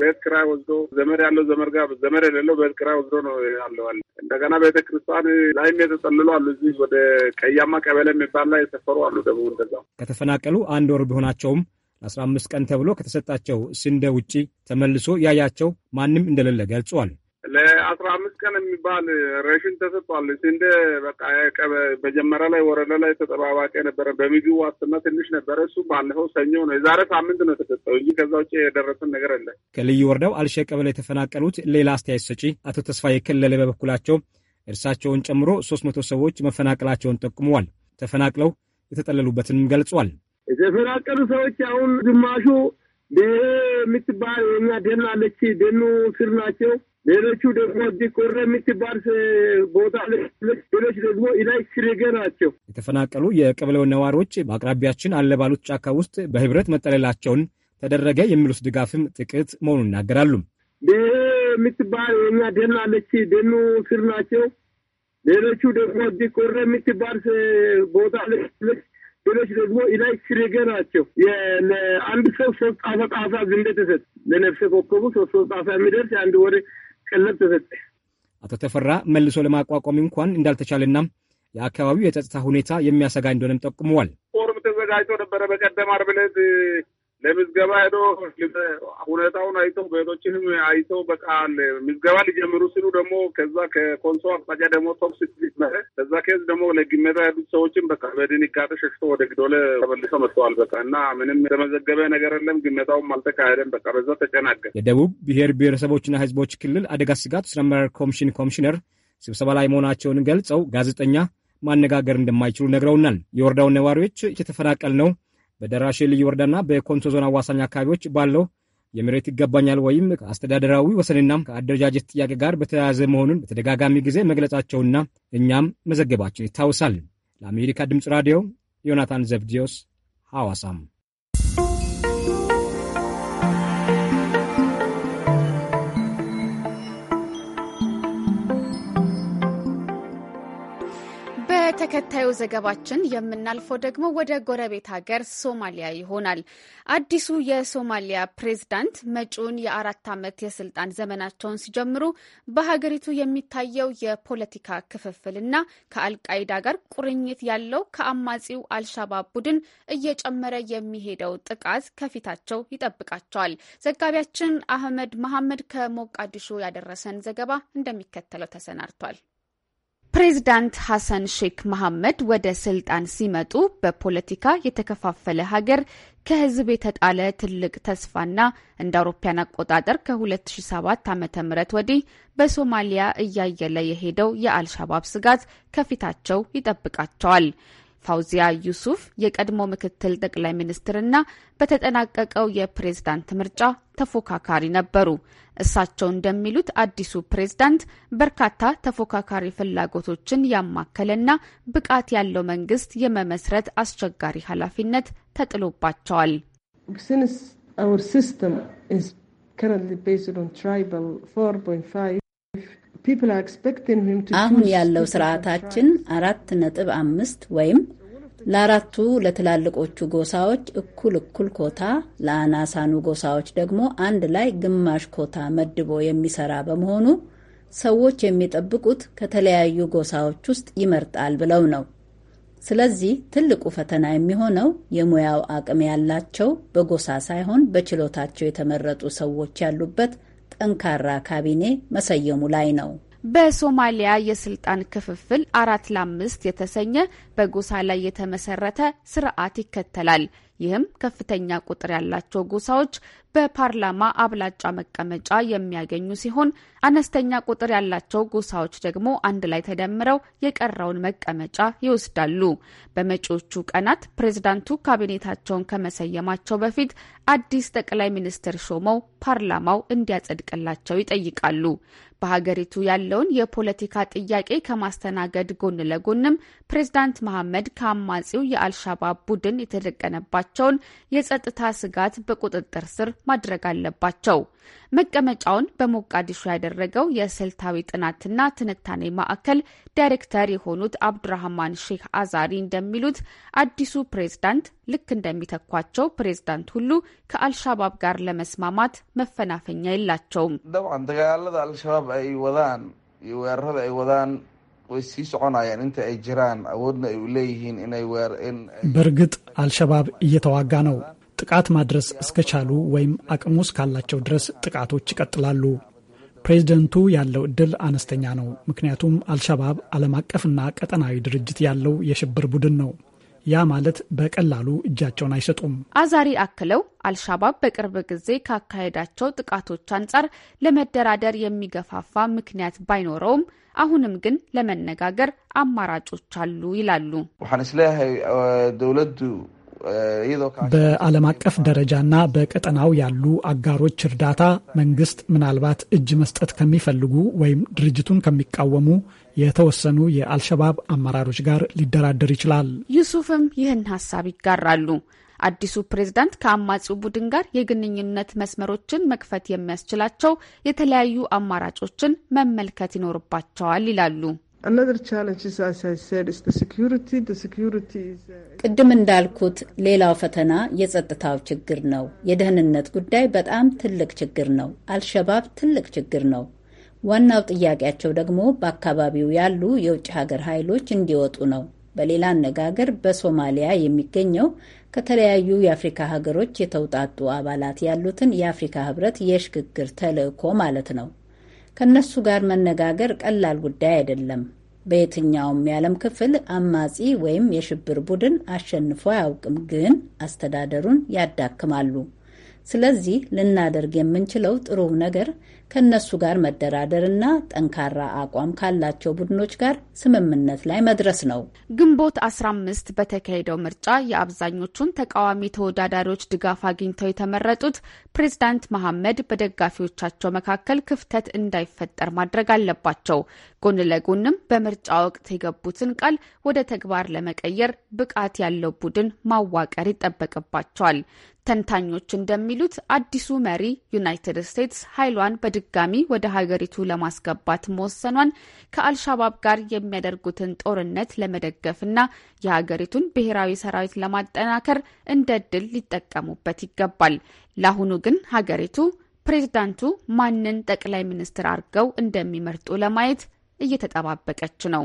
ቤት ክራይ ወስዶ ዘመድ ያለው ዘመድ ጋር፣ ዘመድ የሌለው ቤት ክራይ ወስዶ ነው ያለዋል። እንደገና ቤተ ክርስቲያን ላይም የተጠልሉ አሉ። እዚህ ወደ ቀያማ ቀበሌ የሚባል ላይ የሰፈሩ አሉ ደግሞ እንደዛ ከተፈናቀሉ አንድ ወር ቢሆናቸውም ለ15 ቀን ተብሎ ከተሰጣቸው ስንደ ውጪ ተመልሶ ያያቸው ማንም እንደሌለ ገልጿል። ለአስራ አምስት ቀን የሚባል ሬሽን ተሰጥቷል። ስንደ በቃ መጀመሪያ ላይ ወረዳ ላይ ተጠባባቂ ነበረ። በምግብ ዋስትና ትንሽ ነበረ። እሱ ባለፈው ሰኞ ነው የዛሬ ሳምንት ነው የተሰጠው እንጂ ከዛ ውጭ የደረሰን ነገር አለ። ከልዩ ወረዳው አልሸ ቀበሌ የተፈናቀሉት ሌላ አስተያየት ሰጪ አቶ ተስፋዬ ከለለ በበኩላቸው እርሳቸውን ጨምሮ ሶስት መቶ ሰዎች መፈናቀላቸውን ጠቁመዋል። ተፈናቅለው የተጠለሉበትንም ገልጿል። የተፈናቀሉ ሰዎች አሁን ግማሹ ደሄ የምትባል የኛ ደን አለች፣ ደኑ ስር ናቸው። ሌሎቹ ደግሞ እዚህ ቆረ የምትባል ቦታ ሌሎች ደግሞ ኢላይ ስሬገ ናቸው። የተፈናቀሉ የቀበሌው ነዋሪዎች በአቅራቢያችን አለ ባሉት ጫካ ውስጥ በህብረት መጠለላቸውን ተደረገ የሚሉት ድጋፍም ጥቂት መሆኑን ይናገራሉ። ደሄ የምትባል የኛ ደን አለች፣ ደኑ ስር ናቸው። ሌሎቹ ደግሞ እዚህ ቆረ የምትባል ቦታ ሌሎች ደግሞ ኢላይ ስሪገ ናቸው። አንድ ሰው ሶስት ጣፋ ጣፋ ዝንዴ ተሰጥ ለነፍሰ ኮከቡ ሶስት ሶስት ጣፋ የሚደርስ አንድ ወደ ቀለብ ተሰጠ። አቶ ተፈራ መልሶ ለማቋቋም እንኳን እንዳልተቻለና የአካባቢው የጸጥታ ሁኔታ የሚያሰጋ እንደሆነም ጠቁመዋል። ፎርም ተዘጋጅቶ ነበረ በቀደም ዓርብ ዕለት ለምዝገባ ሄዶ ሁኔታውን አይተው ቤቶችንም አይተው በቃ ምዝገባ ሊጀምሩ ሲሉ ደግሞ ከዛ ከኮንሶ አቅጣጫ ደግሞ ቶክስ ሲመረ ከዛ ከዝ ደግሞ ለግመታ ያሉት ሰዎችም በቃ በድንጋጤ ሸሽቶ ወደ ግዶለ ተመልሰው መጥተዋል። በቃ እና ምንም የተመዘገበ ነገር የለም። ግመታውም አልተካሄደም። በቃ በዛ ተጨናገ የደቡብ ብሔር ብሔረሰቦችና ህዝቦች ክልል አደጋ ስጋት ስራ አመራር ኮሚሽን ኮሚሽነር ስብሰባ ላይ መሆናቸውን ገልጸው ጋዜጠኛ ማነጋገር እንደማይችሉ ነግረውናል። የወረዳውን ነዋሪዎች የተፈናቀል ነው በደራሼ ልዩ ወረዳና በኮንሶ ዞን አዋሳኝ አካባቢዎች ባለው የመሬት ይገባኛል ወይም ከአስተዳደራዊ ወሰንና ከአደረጃጀት ጥያቄ ጋር በተያያዘ መሆኑን በተደጋጋሚ ጊዜ መግለጻቸውና እኛም መዘገባችን ይታወሳል። ለአሜሪካ ድምፅ ራዲዮ ዮናታን ዘብዲዮስ ሐዋሳም ተከታዩ ዘገባችን የምናልፈው ደግሞ ወደ ጎረቤት ሀገር ሶማሊያ ይሆናል። አዲሱ የሶማሊያ ፕሬዝዳንት መጪውን የአራት ዓመት የስልጣን ዘመናቸውን ሲጀምሩ በሀገሪቱ የሚታየው የፖለቲካ ክፍፍልና ከአልቃይዳ ጋር ቁርኝት ያለው ከአማጺው አልሻባብ ቡድን እየጨመረ የሚሄደው ጥቃት ከፊታቸው ይጠብቃቸዋል። ዘጋቢያችን አህመድ መሐመድ ከሞቃዲሾ ያደረሰን ዘገባ እንደሚከተለው ተሰናድቷል። ፕሬዚዳንት ሐሰን ሼክ መሐመድ ወደ ስልጣን ሲመጡ በፖለቲካ የተከፋፈለ ሀገር ከህዝብ የተጣለ ትልቅ ተስፋና እንደ አውሮፓያን አቆጣጠር ከ2007 ዓ ም ወዲህ በሶማሊያ እያየለ የሄደው የአልሻባብ ስጋት ከፊታቸው ይጠብቃቸዋል። ፋውዚያ ዩሱፍ የቀድሞ ምክትል ጠቅላይ ሚኒስትርና በተጠናቀቀው የፕሬዝዳንት ምርጫ ተፎካካሪ ነበሩ። እሳቸው እንደሚሉት አዲሱ ፕሬዝዳንት በርካታ ተፎካካሪ ፍላጎቶችን ያማከለና ብቃት ያለው መንግስት የመመስረት አስቸጋሪ ኃላፊነት ተጥሎባቸዋል። አሁን ያለው ስርዓታችን አራት ነጥብ አምስት ወይም ለአራቱ ለትላልቆቹ ጎሳዎች እኩል እኩል ኮታ ለአናሳኑ ጎሳዎች ደግሞ አንድ ላይ ግማሽ ኮታ መድቦ የሚሰራ በመሆኑ ሰዎች የሚጠብቁት ከተለያዩ ጎሳዎች ውስጥ ይመርጣል ብለው ነው። ስለዚህ ትልቁ ፈተና የሚሆነው የሙያው አቅም ያላቸው በጎሳ ሳይሆን በችሎታቸው የተመረጡ ሰዎች ያሉበት ጠንካራ ካቢኔ መሰየሙ ላይ ነው። በሶማሊያ የስልጣን ክፍፍል አራት ለአምስት የተሰኘ በጎሳ ላይ የተመሰረተ ስርዓት ይከተላል። ይህም ከፍተኛ ቁጥር ያላቸው ጎሳዎች በፓርላማ አብላጫ መቀመጫ የሚያገኙ ሲሆን አነስተኛ ቁጥር ያላቸው ጎሳዎች ደግሞ አንድ ላይ ተደምረው የቀረውን መቀመጫ ይወስዳሉ። በመጪዎቹ ቀናት ፕሬዝዳንቱ ካቢኔታቸውን ከመሰየማቸው በፊት አዲስ ጠቅላይ ሚኒስትር ሾመው ፓርላማው እንዲያጸድቅላቸው ይጠይቃሉ። በሀገሪቱ ያለውን የፖለቲካ ጥያቄ ከማስተናገድ ጎን ለጎንም ፕሬዝዳንት መሐመድ ከአማጺው የአልሻባብ ቡድን የተደቀነባቸውን የጸጥታ ስጋት በቁጥጥር ስር ማድረግ አለባቸው። መቀመጫውን በሞቃዲሾ ያደረገው የስልታዊ ጥናትና ትንታኔ ማዕከል ዳይሬክተር የሆኑት አብዱራህማን ሼህ አዛሪ እንደሚሉት አዲሱ ፕሬዝዳንት ልክ እንደሚተኳቸው ፕሬዝዳንት ሁሉ ከአልሻባብ ጋር ለመስማማት መፈናፈኛ የላቸውም። dabcan dagaalada al-shabaab ay wadaan iyo በእርግጥ አልሸባብ እየተዋጋ ነው ጥቃት ማድረስ እስከቻሉ ወይም አቅሙ እስካላቸው ድረስ ጥቃቶች ይቀጥላሉ። ፕሬዚደንቱ ያለው እድል አነስተኛ ነው፣ ምክንያቱም አልሸባብ ዓለም አቀፍና ቀጠናዊ ድርጅት ያለው የሽብር ቡድን ነው። ያ ማለት በቀላሉ እጃቸውን አይሰጡም። አዛሪ አክለው አልሻባብ በቅርብ ጊዜ ካካሄዳቸው ጥቃቶች አንጻር ለመደራደር የሚገፋፋ ምክንያት ባይኖረውም አሁንም ግን ለመነጋገር አማራጮች አሉ ይላሉ። በዓለም አቀፍ ደረጃና በቀጠናው ያሉ አጋሮች እርዳታ መንግስት ምናልባት እጅ መስጠት ከሚፈልጉ ወይም ድርጅቱን ከሚቃወሙ የተወሰኑ የአልሸባብ አመራሮች ጋር ሊደራደር ይችላል። ዩሱፍም ይህን ሀሳብ ይጋራሉ። አዲሱ ፕሬዝዳንት ከአማጺው ቡድን ጋር የግንኙነት መስመሮችን መክፈት የሚያስችላቸው የተለያዩ አማራጮችን መመልከት ይኖርባቸዋል ይላሉ። Uh, ቅድም እንዳልኩት ሌላው ፈተና የጸጥታው ችግር ነው። የደህንነት ጉዳይ በጣም ትልቅ ችግር ነው። አልሸባብ ትልቅ ችግር ነው። ዋናው ጥያቄያቸው ደግሞ በአካባቢው ያሉ የውጭ ሀገር ኃይሎች እንዲወጡ ነው። በሌላ አነጋገር በሶማሊያ የሚገኘው ከተለያዩ የአፍሪካ ሀገሮች የተውጣጡ አባላት ያሉትን የአፍሪካ ህብረት የሽግግር ተልዕኮ ማለት ነው። ከነሱ ጋር መነጋገር ቀላል ጉዳይ አይደለም። በየትኛውም የዓለም ክፍል አማጺ ወይም የሽብር ቡድን አሸንፎ አያውቅም፣ ግን አስተዳደሩን ያዳክማሉ። ስለዚህ ልናደርግ የምንችለው ጥሩ ነገር ከነሱ ጋር መደራደር እና ጠንካራ አቋም ካላቸው ቡድኖች ጋር ስምምነት ላይ መድረስ ነው። ግንቦት 15 በተካሄደው ምርጫ የአብዛኞቹን ተቃዋሚ ተወዳዳሪዎች ድጋፍ አግኝተው የተመረጡት ፕሬዝዳንት መሐመድ በደጋፊዎቻቸው መካከል ክፍተት እንዳይፈጠር ማድረግ አለባቸው። ጎን ለጎንም በምርጫ ወቅት የገቡትን ቃል ወደ ተግባር ለመቀየር ብቃት ያለው ቡድን ማዋቀር ይጠበቅባቸዋል። ተንታኞች እንደሚሉት አዲሱ መሪ ዩናይትድ ስቴትስ ኃይሏን በድጋሚ ወደ ሀገሪቱ ለማስገባት መወሰኗን ከአልሻባብ ጋር የሚያደርጉትን ጦርነት ለመደገፍና የሀገሪቱን ብሔራዊ ሰራዊት ለማጠናከር እንደ ድል ሊጠቀሙበት ይገባል። ለአሁኑ ግን ሀገሪቱ ፕሬዝዳንቱ ማንን ጠቅላይ ሚኒስትር አድርገው እንደሚመርጡ ለማየት እየተጠባበቀች ነው።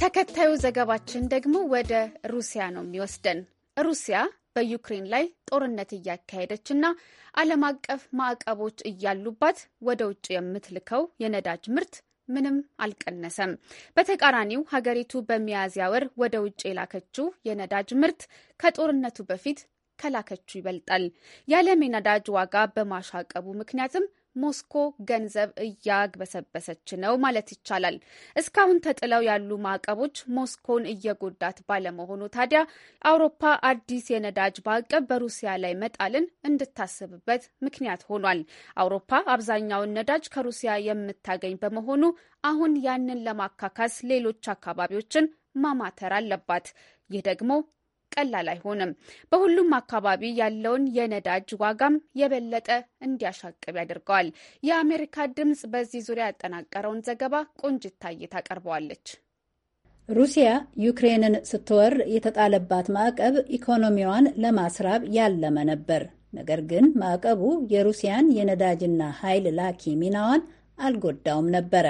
ተከታዩ ዘገባችን ደግሞ ወደ ሩሲያ ነው የሚወስደን። ሩሲያ በዩክሬን ላይ ጦርነት እያካሄደች እና ዓለም አቀፍ ማዕቀቦች እያሉባት ወደ ውጭ የምትልከው የነዳጅ ምርት ምንም አልቀነሰም። በተቃራኒው ሀገሪቱ በሚያዝያ ወር ወደ ውጭ የላከችው የነዳጅ ምርት ከጦርነቱ በፊት ከላከችው ይበልጣል። የዓለም የነዳጅ ዋጋ በማሻቀቡ ምክንያትም ሞስኮ ገንዘብ እያግበሰበሰች ነው ማለት ይቻላል። እስካሁን ተጥለው ያሉ ማዕቀቦች ሞስኮን እየጎዳት ባለመሆኑ ታዲያ አውሮፓ አዲስ የነዳጅ ማዕቀብ በሩሲያ ላይ መጣልን እንድታስብበት ምክንያት ሆኗል። አውሮፓ አብዛኛውን ነዳጅ ከሩሲያ የምታገኝ በመሆኑ አሁን ያንን ለማካካስ ሌሎች አካባቢዎችን ማማተር አለባት። ይህ ደግሞ ቀላል አይሆንም። በሁሉም አካባቢ ያለውን የነዳጅ ዋጋም የበለጠ እንዲያሻቅብ ያደርገዋል። የአሜሪካ ድምፅ በዚህ ዙሪያ ያጠናቀረውን ዘገባ ቆንጅት ታዬ ታቀርበዋለች። ሩሲያ ዩክሬንን ስትወር የተጣለባት ማዕቀብ ኢኮኖሚዋን ለማስራብ ያለመ ነበር። ነገር ግን ማዕቀቡ የሩሲያን የነዳጅና ኃይል ላኪ ሚናዋን አልጎዳውም ነበረ።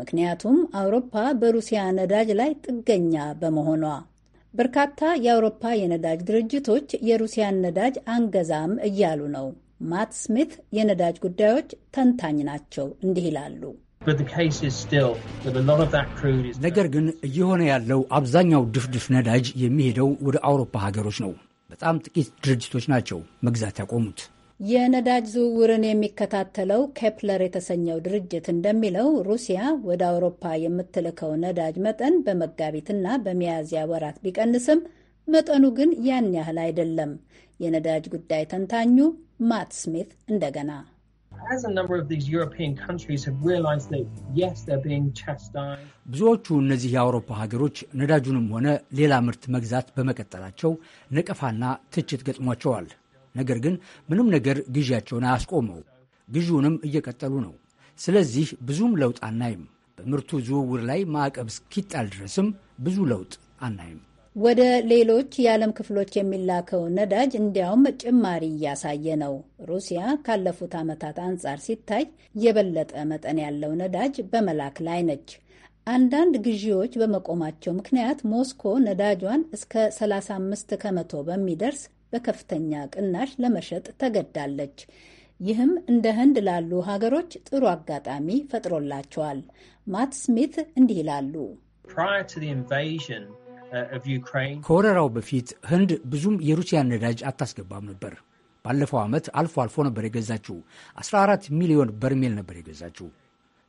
ምክንያቱም አውሮፓ በሩሲያ ነዳጅ ላይ ጥገኛ በመሆኗ በርካታ የአውሮፓ የነዳጅ ድርጅቶች የሩሲያን ነዳጅ አንገዛም እያሉ ነው። ማት ስሚት የነዳጅ ጉዳዮች ተንታኝ ናቸው። እንዲህ ይላሉ። ነገር ግን እየሆነ ያለው አብዛኛው ድፍድፍ ነዳጅ የሚሄደው ወደ አውሮፓ ሀገሮች ነው። በጣም ጥቂት ድርጅቶች ናቸው መግዛት ያቆሙት። የነዳጅ ዝውውርን የሚከታተለው ኬፕለር የተሰኘው ድርጅት እንደሚለው ሩሲያ ወደ አውሮፓ የምትልከው ነዳጅ መጠን በመጋቢትና በሚያዝያ ወራት ቢቀንስም መጠኑ ግን ያን ያህል አይደለም። የነዳጅ ጉዳይ ተንታኙ ማት ስሚት እንደገና ብዙዎቹ እነዚህ የአውሮፓ ሀገሮች ነዳጁንም ሆነ ሌላ ምርት መግዛት በመቀጠላቸው ነቀፋና ትችት ገጥሟቸዋል። ነገር ግን ምንም ነገር ግዢያቸውን አያስቆመው፣ ግዢውንም እየቀጠሉ ነው። ስለዚህ ብዙም ለውጥ አናይም። በምርቱ ዝውውር ላይ ማዕቀብ እስኪጣል ድረስም ብዙ ለውጥ አናይም። ወደ ሌሎች የዓለም ክፍሎች የሚላከው ነዳጅ እንዲያውም ጭማሪ እያሳየ ነው። ሩሲያ ካለፉት ዓመታት አንጻር ሲታይ የበለጠ መጠን ያለው ነዳጅ በመላክ ላይ ነች። አንዳንድ ግዢዎች በመቆማቸው ምክንያት ሞስኮ ነዳጇን እስከ 35 ከመቶ በሚደርስ በከፍተኛ ቅናሽ ለመሸጥ ተገዳለች ይህም እንደ ህንድ ላሉ ሀገሮች ጥሩ አጋጣሚ ፈጥሮላቸዋል። ማት ስሚት እንዲህ ይላሉ። uh, ከወረራው በፊት ህንድ ብዙም የሩሲያን ነዳጅ አታስገባም ነበር። ባለፈው ዓመት አልፎ አልፎ ነበር የገዛችው። 14 ሚሊዮን በርሜል ነበር የገዛችው።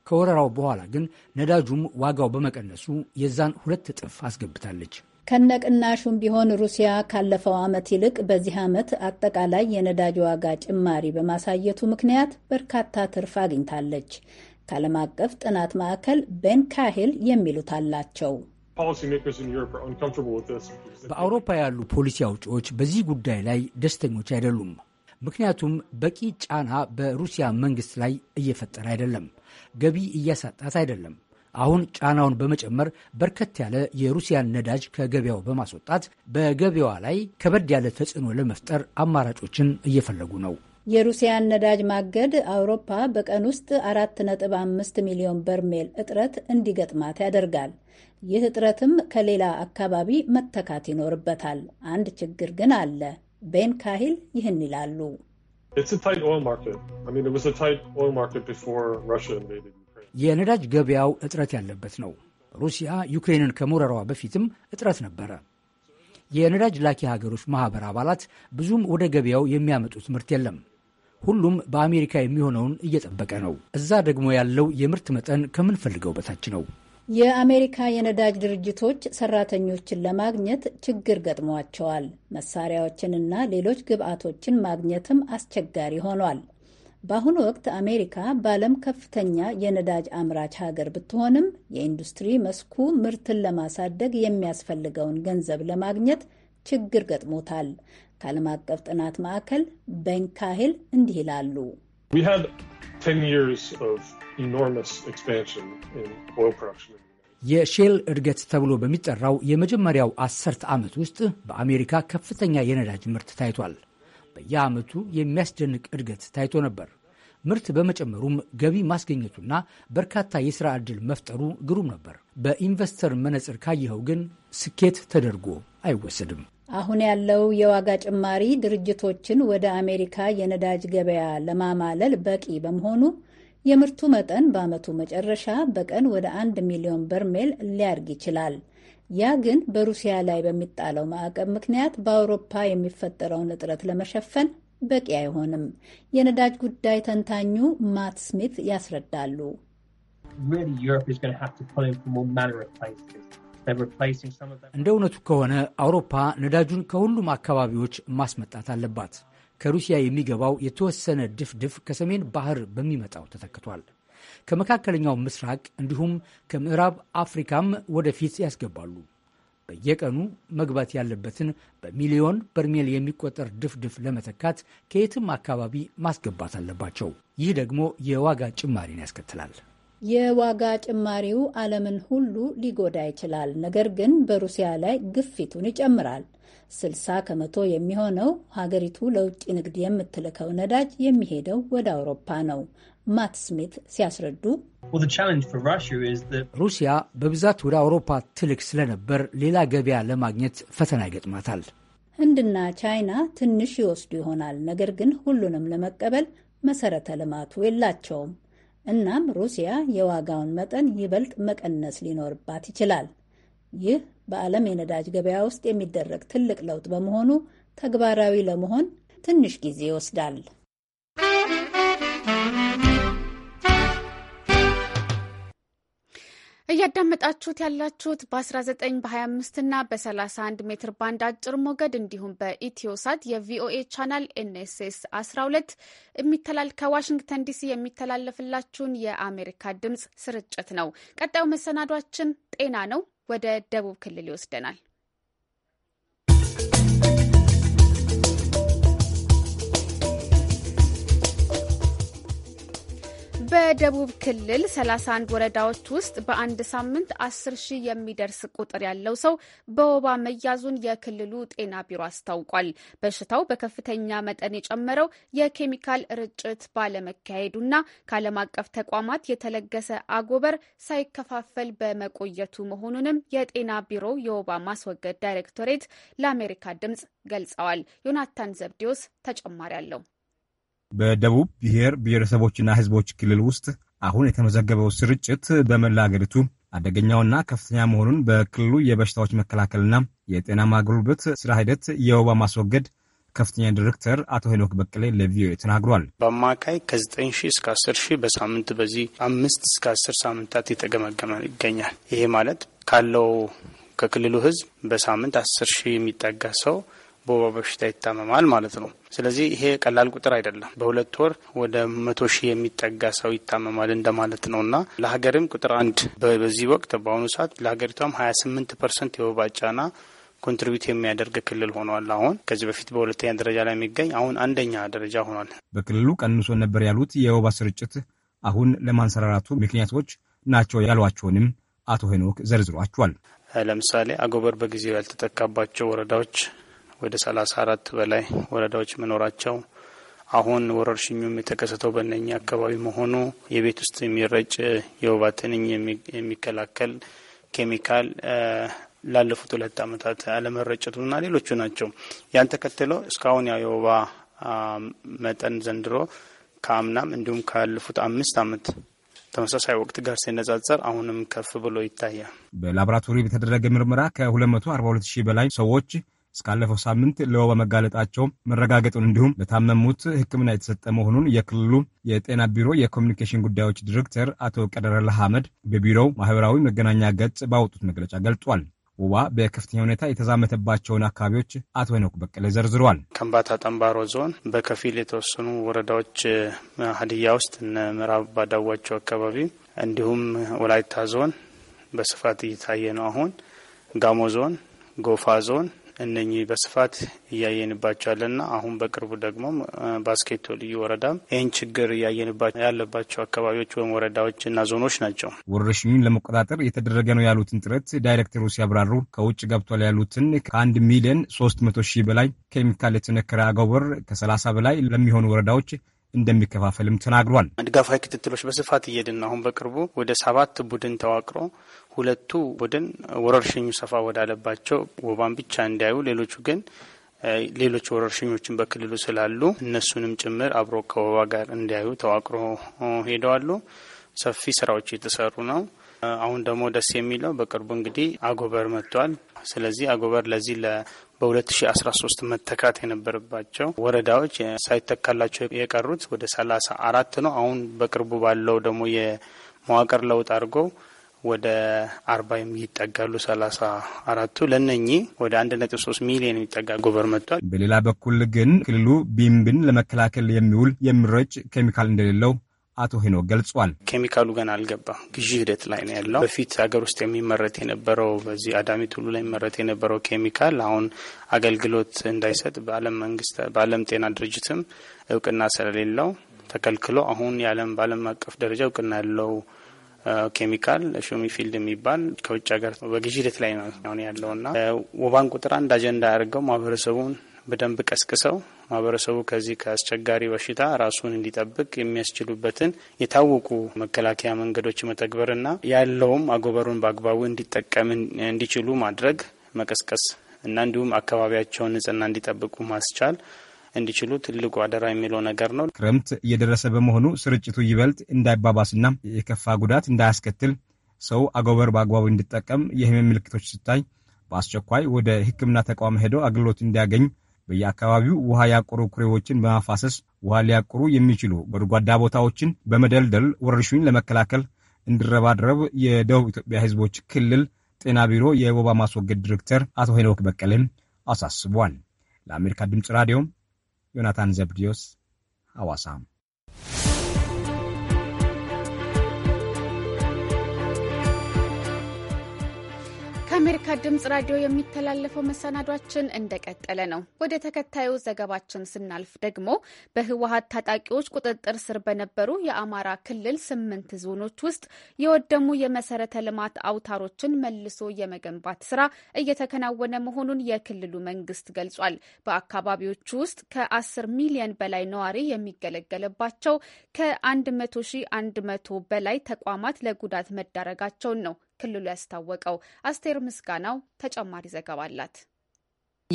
ከወረራው በኋላ ግን ነዳጁም ዋጋው በመቀነሱ የዛን ሁለት እጥፍ አስገብታለች። ከነቅናሹም ቢሆን ሩሲያ ካለፈው ዓመት ይልቅ በዚህ ዓመት አጠቃላይ የነዳጅ ዋጋ ጭማሪ በማሳየቱ ምክንያት በርካታ ትርፍ አግኝታለች። ከዓለም አቀፍ ጥናት ማዕከል ቤን ካሂል የሚሉት አላቸው። በአውሮፓ ያሉ ፖሊሲ አውጪዎች በዚህ ጉዳይ ላይ ደስተኞች አይደሉም። ምክንያቱም በቂ ጫና በሩሲያ መንግስት ላይ እየፈጠረ አይደለም፣ ገቢ እያሳጣት አይደለም። አሁን ጫናውን በመጨመር በርከት ያለ የሩሲያን ነዳጅ ከገበያው በማስወጣት በገበያዋ ላይ ከበድ ያለ ተጽዕኖ ለመፍጠር አማራጮችን እየፈለጉ ነው። የሩሲያን ነዳጅ ማገድ አውሮፓ በቀን ውስጥ አምስት ሚሊዮን በርሜል እጥረት እንዲገጥማት ያደርጋል። ይህ እጥረትም ከሌላ አካባቢ መተካት ይኖርበታል። አንድ ችግር ግን አለ። ቤን ካሂል ይህን ይላሉ። የነዳጅ ገበያው እጥረት ያለበት ነው። ሩሲያ ዩክሬንን ከመውረሯ በፊትም እጥረት ነበረ። የነዳጅ ላኪ ሀገሮች ማኅበር አባላት ብዙም ወደ ገበያው የሚያመጡት ምርት የለም። ሁሉም በአሜሪካ የሚሆነውን እየጠበቀ ነው። እዛ ደግሞ ያለው የምርት መጠን ከምንፈልገው በታች ነው። የአሜሪካ የነዳጅ ድርጅቶች ሰራተኞችን ለማግኘት ችግር ገጥሟቸዋል። መሳሪያዎችንና ሌሎች ግብአቶችን ማግኘትም አስቸጋሪ ሆኗል። በአሁኑ ወቅት አሜሪካ በዓለም ከፍተኛ የነዳጅ አምራች ሀገር ብትሆንም የኢንዱስትሪ መስኩ ምርትን ለማሳደግ የሚያስፈልገውን ገንዘብ ለማግኘት ችግር ገጥሞታል። ከዓለም አቀፍ ጥናት ማዕከል በንካሄል እንዲህ ይላሉ። የሼል እድገት ተብሎ በሚጠራው የመጀመሪያው አስርት ዓመት ውስጥ በአሜሪካ ከፍተኛ የነዳጅ ምርት ታይቷል። በየዓመቱ የሚያስደንቅ እድገት ታይቶ ነበር። ምርት በመጨመሩም ገቢ ማስገኘቱና በርካታ የሥራ ዕድል መፍጠሩ ግሩም ነበር። በኢንቨስተር መነጽር ካየኸው ግን ስኬት ተደርጎ አይወሰድም። አሁን ያለው የዋጋ ጭማሪ ድርጅቶችን ወደ አሜሪካ የነዳጅ ገበያ ለማማለል በቂ በመሆኑ የምርቱ መጠን በዓመቱ መጨረሻ በቀን ወደ አንድ ሚሊዮን በርሜል ሊያድግ ይችላል። ያ ግን በሩሲያ ላይ በሚጣለው ማዕቀብ ምክንያት በአውሮፓ የሚፈጠረውን እጥረት ለመሸፈን በቂ አይሆንም። የነዳጅ ጉዳይ ተንታኙ ማት ስሚት ያስረዳሉ። እንደ እውነቱ ከሆነ አውሮፓ ነዳጁን ከሁሉም አካባቢዎች ማስመጣት አለባት። ከሩሲያ የሚገባው የተወሰነ ድፍድፍ ከሰሜን ባህር በሚመጣው ተተክቷል። ከመካከለኛው ምስራቅ እንዲሁም ከምዕራብ አፍሪካም ወደፊት ያስገባሉ። በየቀኑ መግባት ያለበትን በሚሊዮን በርሜል የሚቆጠር ድፍድፍ ለመተካት ከየትም አካባቢ ማስገባት አለባቸው። ይህ ደግሞ የዋጋ ጭማሪን ያስከትላል። የዋጋ ጭማሪው ዓለምን ሁሉ ሊጎዳ ይችላል። ነገር ግን በሩሲያ ላይ ግፊቱን ይጨምራል። 60 ከመቶ የሚሆነው ሀገሪቱ ለውጭ ንግድ የምትልከው ነዳጅ የሚሄደው ወደ አውሮፓ ነው። ማት ስሚት ሲያስረዱ ሩሲያ በብዛት ወደ አውሮፓ ትልቅ ስለነበር ሌላ ገበያ ለማግኘት ፈተና ይገጥማታል። ህንድና ቻይና ትንሽ ይወስዱ ይሆናል፣ ነገር ግን ሁሉንም ለመቀበል መሰረተ ልማቱ የላቸውም። እናም ሩሲያ የዋጋውን መጠን ይበልጥ መቀነስ ሊኖርባት ይችላል። ይህ በዓለም የነዳጅ ገበያ ውስጥ የሚደረግ ትልቅ ለውጥ በመሆኑ ተግባራዊ ለመሆን ትንሽ ጊዜ ይወስዳል። እያዳመጣችሁት ያላችሁት በ19 በ25 እና በ31 ሜትር ባንድ አጭር ሞገድ እንዲሁም በኢትዮሳት የቪኦኤ ቻናል ኤንኤስኤስ 12 የሚተላል ከዋሽንግተን ዲሲ የሚተላለፍላችሁን የአሜሪካ ድምፅ ስርጭት ነው። ቀጣዩ መሰናዷችን ጤና ነው። ወደ ደቡብ ክልል ይወስደናል። በደቡብ ክልል 31 ወረዳዎች ውስጥ በአንድ ሳምንት 10 ሺህ የሚደርስ ቁጥር ያለው ሰው በወባ መያዙን የክልሉ ጤና ቢሮ አስታውቋል። በሽታው በከፍተኛ መጠን የጨመረው የኬሚካል ርጭት ባለመካሄዱና ከዓለም አቀፍ ተቋማት የተለገሰ አጎበር ሳይከፋፈል በመቆየቱ መሆኑንም የጤና ቢሮ የወባ ማስወገድ ዳይሬክቶሬት ለአሜሪካ ድምጽ ገልጸዋል። ዮናታን ዘብዴዎስ ተጨማሪ አለው። በደቡብ ብሔር ብሔረሰቦችና ሕዝቦች ክልል ውስጥ አሁን የተመዘገበው ስርጭት በመላ አገሪቱ አደገኛውና ከፍተኛ መሆኑን በክልሉ የበሽታዎች መከላከልና የጤና ማጎልበት ስራ ሂደት የወባ ማስወገድ ከፍተኛ ዲሬክተር አቶ ሄኖክ በቀሌ ለቪኦኤ ተናግሯል። በአማካይ ከ9 ሺህ እስከ 10 ሺህ በሳምንት በዚህ አምስት እስከ 10 ሳምንታት የተገመገመ ይገኛል። ይሄ ማለት ካለው ከክልሉ ህዝብ በሳምንት 10 ሺህ የሚጠጋ ሰው በወባ በሽታ ይታመማል ማለት ነው። ስለዚህ ይሄ ቀላል ቁጥር አይደለም። በሁለት ወር ወደ መቶ ሺህ የሚጠጋ ሰው ይታመማል እንደማለት ነው እና ለሀገርም ቁጥር አንድ በዚህ ወቅት በአሁኑ ሰዓት ለሀገሪቷም ሀያ ስምንት ፐርሰንት የወባ ጫና ኮንትሪቢዩት የሚያደርግ ክልል ሆኗል። አሁን ከዚህ በፊት በሁለተኛ ደረጃ ላይ የሚገኝ አሁን አንደኛ ደረጃ ሆኗል። በክልሉ ቀንሶ ነበር ያሉት የወባ ስርጭት አሁን ለማንሰራራቱ ምክንያቶች ናቸው ያሏቸውንም አቶ ሄኖክ ዘርዝሯቸዋል። ለምሳሌ አጎበር በጊዜው ያልተጠቃባቸው ወረዳዎች ወደ 34 በላይ ወረዳዎች መኖራቸው አሁን ወረርሽኙም የተከሰተው በእነኛ አካባቢ መሆኑ የቤት ውስጥ የሚረጭ የወባ ትንኝ የሚከላከል ኬሚካል ላለፉት ሁለት ዓመታት አለመረጨቱና ሌሎቹ ናቸው። ያን ተከትሎ እስካሁን ያው የወባ መጠን ዘንድሮ ከአምናም እንዲሁም ካለፉት አምስት ዓመት ተመሳሳይ ወቅት ጋር ሲነጻጸር አሁንም ከፍ ብሎ ይታያል። በላቦራቶሪ በተደረገ ምርመራ ከ242 ሺህ በላይ ሰዎች እስካለፈው ሳምንት ለወባ መጋለጣቸው መረጋገጡን እንዲሁም ለታመሙት ሕክምና የተሰጠ መሆኑን የክልሉ የጤና ቢሮ የኮሚኒኬሽን ጉዳዮች ዲሬክተር አቶ ቀደረላ ሐመድ በቢሮው ማህበራዊ መገናኛ ገጽ ባወጡት መግለጫ ገልጿል። ወባ በከፍተኛ ሁኔታ የተዛመተባቸውን አካባቢዎች አቶ ሄኖክ በቀለ ዘርዝሯል። ከምባታ ጠንባሮ ዞን በከፊል የተወሰኑ ወረዳዎች ሀዲያ ውስጥ እነ ምዕራብ ባዳዋቸው አካባቢ እንዲሁም ወላይታ ዞን በስፋት እየታየ ነው። አሁን ጋሞ ዞን፣ ጎፋ ዞን እነኚህ በስፋት እያየንባቸዋለና አሁን በቅርቡ ደግሞ ባስኬቶ ልዩ ወረዳም ይህን ችግር እያየንባቸው ያለባቸው አካባቢዎች ወይም ወረዳዎች እና ዞኖች ናቸው። ወረርሽኙን ለመቆጣጠር የተደረገ ነው ያሉትን ጥረት ዳይሬክተሩ ሲያብራሩ ከውጭ ገብቷል ያሉትን ከአንድ ሚሊዮን ሶስት መቶ ሺህ በላይ ኬሚካል የተነከረ አጎበር ከሰላሳ በላይ ለሚሆኑ ወረዳዎች እንደሚከፋፈልም ተናግሯል። ድጋፋዊ ክትትሎች በስፋት እየድን አሁን በቅርቡ ወደ ሰባት ቡድን ተዋቅሮ ሁለቱ ቡድን ወረርሽኙ ሰፋ ወዳለባቸው ወባን ብቻ እንዲያዩ፣ ሌሎቹ ግን ሌሎች ወረርሽኞችን በክልሉ ስላሉ እነሱንም ጭምር አብሮ ከወባ ጋር እንዲያዩ ተዋቅሮ ሄደዋሉ። ሰፊ ስራዎች የተሰሩ ነው። አሁን ደግሞ ደስ የሚለው በቅርቡ እንግዲህ አጎበር መጥቷል። ስለዚህ አጎበር ለዚህ በ2013 መተካት የነበረባቸው ወረዳዎች ሳይተካላቸው የቀሩት ወደ 34 ነው። አሁን በቅርቡ ባለው ደግሞ የመዋቅር ለውጥ አድርጎ ወደ አርባ የሚጠጋሉ ሰላሳ አራቱ ለነኚህ ወደ አንድ ነጥብ ሶስት ሚሊዮን የሚጠጋ ጎበር መጥቷል። በሌላ በኩል ግን ክልሉ ቢምብን ለመከላከል የሚውል የሚረጭ ኬሚካል እንደሌለው አቶ ሄኖ ገልጿል። ኬሚካሉ ገና አልገባም፣ ግዢ ሂደት ላይ ነው ያለው። በፊት ሀገር ውስጥ የሚመረት የነበረው በዚህ አዳሚ ቱሉ ላይ የሚመረት የነበረው ኬሚካል አሁን አገልግሎት እንዳይሰጥ በዓለም መንግስት በዓለም ጤና ድርጅትም እውቅና ስለሌለው ተከልክሎ አሁን የዓለም በዓለም አቀፍ ደረጃ እውቅና ያለው ኬሚካል ሹሚ ፊልድ የሚባል ከውጭ ሀገር በግዢ ሂደት ላይ ነው እና ወባን ቁጥር አንድ አጀንዳ ያደርገው ማህበረሰቡን በደንብ ቀስቅሰው ማህበረሰቡ ከዚህ ከአስቸጋሪ በሽታ ራሱን እንዲጠብቅ የሚያስችሉበትን የታወቁ መከላከያ መንገዶች መተግበርና ያለውም አጎበሩን በአግባቡ እንዲጠቀም እንዲችሉ ማድረግ መቀስቀስ እና እንዲሁም አካባቢያቸውን ንጽህና እንዲጠብቁ ማስቻል እንዲችሉ ትልቁ አደራ የሚለው ነገር ነው። ክረምት እየደረሰ በመሆኑ ስርጭቱ ይበልጥ እንዳይባባስና የከፋ ጉዳት እንዳያስከትል ሰው አጎበር በአግባቡ እንዲጠቀም የህመም ምልክቶች ሲታይ በአስቸኳይ ወደ ሕክምና ተቋም ሄደው አገልግሎት እንዲያገኝ በየአካባቢው ውሃ ያቆሩ ኩሬዎችን በማፋሰስ ውሃ ሊያቆሩ የሚችሉ ጎድጓዳ ቦታዎችን በመደልደል ወረርሽኝ ለመከላከል እንዲረባረብ የደቡብ ኢትዮጵያ ሕዝቦች ክልል ጤና ቢሮ የወባ ማስወገድ ዲሬክተር አቶ ሄኖክ በቀለን አሳስቧል። ለአሜሪካ ድምፅ ራዲዮ ዮናታን ዘብዲዮስ ሐዋሳም ከአሜሪካ ድምፅ ራዲዮ የሚተላለፈው መሰናዷችን እንደቀጠለ ነው። ወደ ተከታዩ ዘገባችን ስናልፍ ደግሞ በህወሀት ታጣቂዎች ቁጥጥር ስር በነበሩ የአማራ ክልል ስምንት ዞኖች ውስጥ የወደሙ የመሰረተ ልማት አውታሮችን መልሶ የመገንባት ስራ እየተከናወነ መሆኑን የክልሉ መንግስት ገልጿል። በአካባቢዎቹ ውስጥ ከ10 ሚሊዮን በላይ ነዋሪ የሚገለገልባቸው ከ100 ሺህ 100 በላይ ተቋማት ለጉዳት መዳረጋቸውን ነው ክልሉ ያስታወቀው። አስቴር ምስጋናው ተጨማሪ ዘገባ አላት።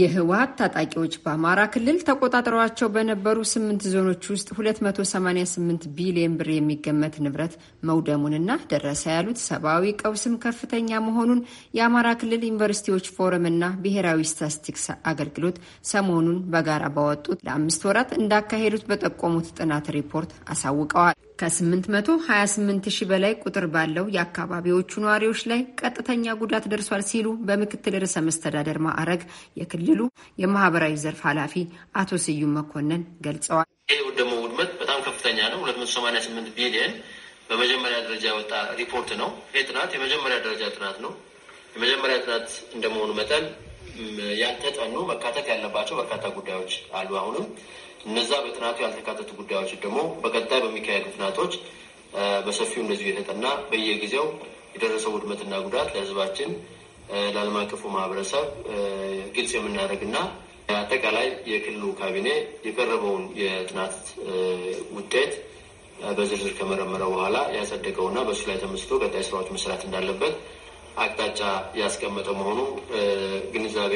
የህወሀት ታጣቂዎች በአማራ ክልል ተቆጣጥረዋቸው በነበሩ ስምንት ዞኖች ውስጥ 288 ቢሊዮን ብር የሚገመት ንብረት መውደሙንና ደረሰ ያሉት ሰብአዊ ቀውስም ከፍተኛ መሆኑን የአማራ ክልል ዩኒቨርሲቲዎች ፎረምና ብሔራዊ ስታስቲክስ አገልግሎት ሰሞኑን በጋራ ባወጡት ለአምስት ወራት እንዳካሄዱት በጠቆሙት ጥናት ሪፖርት አሳውቀዋል። ከ828 ሺህ በላይ ቁጥር ባለው የአካባቢዎቹ ነዋሪዎች ላይ ቀጥተኛ ጉዳት ደርሷል ሲሉ በምክትል ርዕሰ መስተዳደር ማዕረግ የክልሉ የማህበራዊ ዘርፍ ኃላፊ አቶ ስዩም መኮንን ገልጸዋል። ይህ ደግሞ ውድመት በጣም ከፍተኛ ነው። 288 ቢሊየን በመጀመሪያ ደረጃ የወጣ ሪፖርት ነው። ይህ ጥናት የመጀመሪያ ደረጃ ጥናት ነው። የመጀመሪያ ጥናት እንደመሆኑ መጠን ያልተጠኑ መካተት ያለባቸው በርካታ ጉዳዮች አሉ አሁንም እነዛ በጥናቱ ያልተካተቱ ጉዳዮች ደግሞ በቀጣይ በሚካሄዱ ጥናቶች በሰፊው እንደዚሁ የተጠና በየጊዜው የደረሰው ውድመትና ጉዳት ለህዝባችን ለዓለም አቀፉ ማህበረሰብ ግልጽ የምናደርግና አጠቃላይ የክልሉ ካቢኔ የቀረበውን የጥናት ውጤት በዝርዝር ከመረመረ በኋላ ያጸደቀውና በእሱ ላይ ተመስቶ ቀጣይ ስራዎች መስራት እንዳለበት አቅጣጫ ያስቀመጠ መሆኑ ግንዛቤ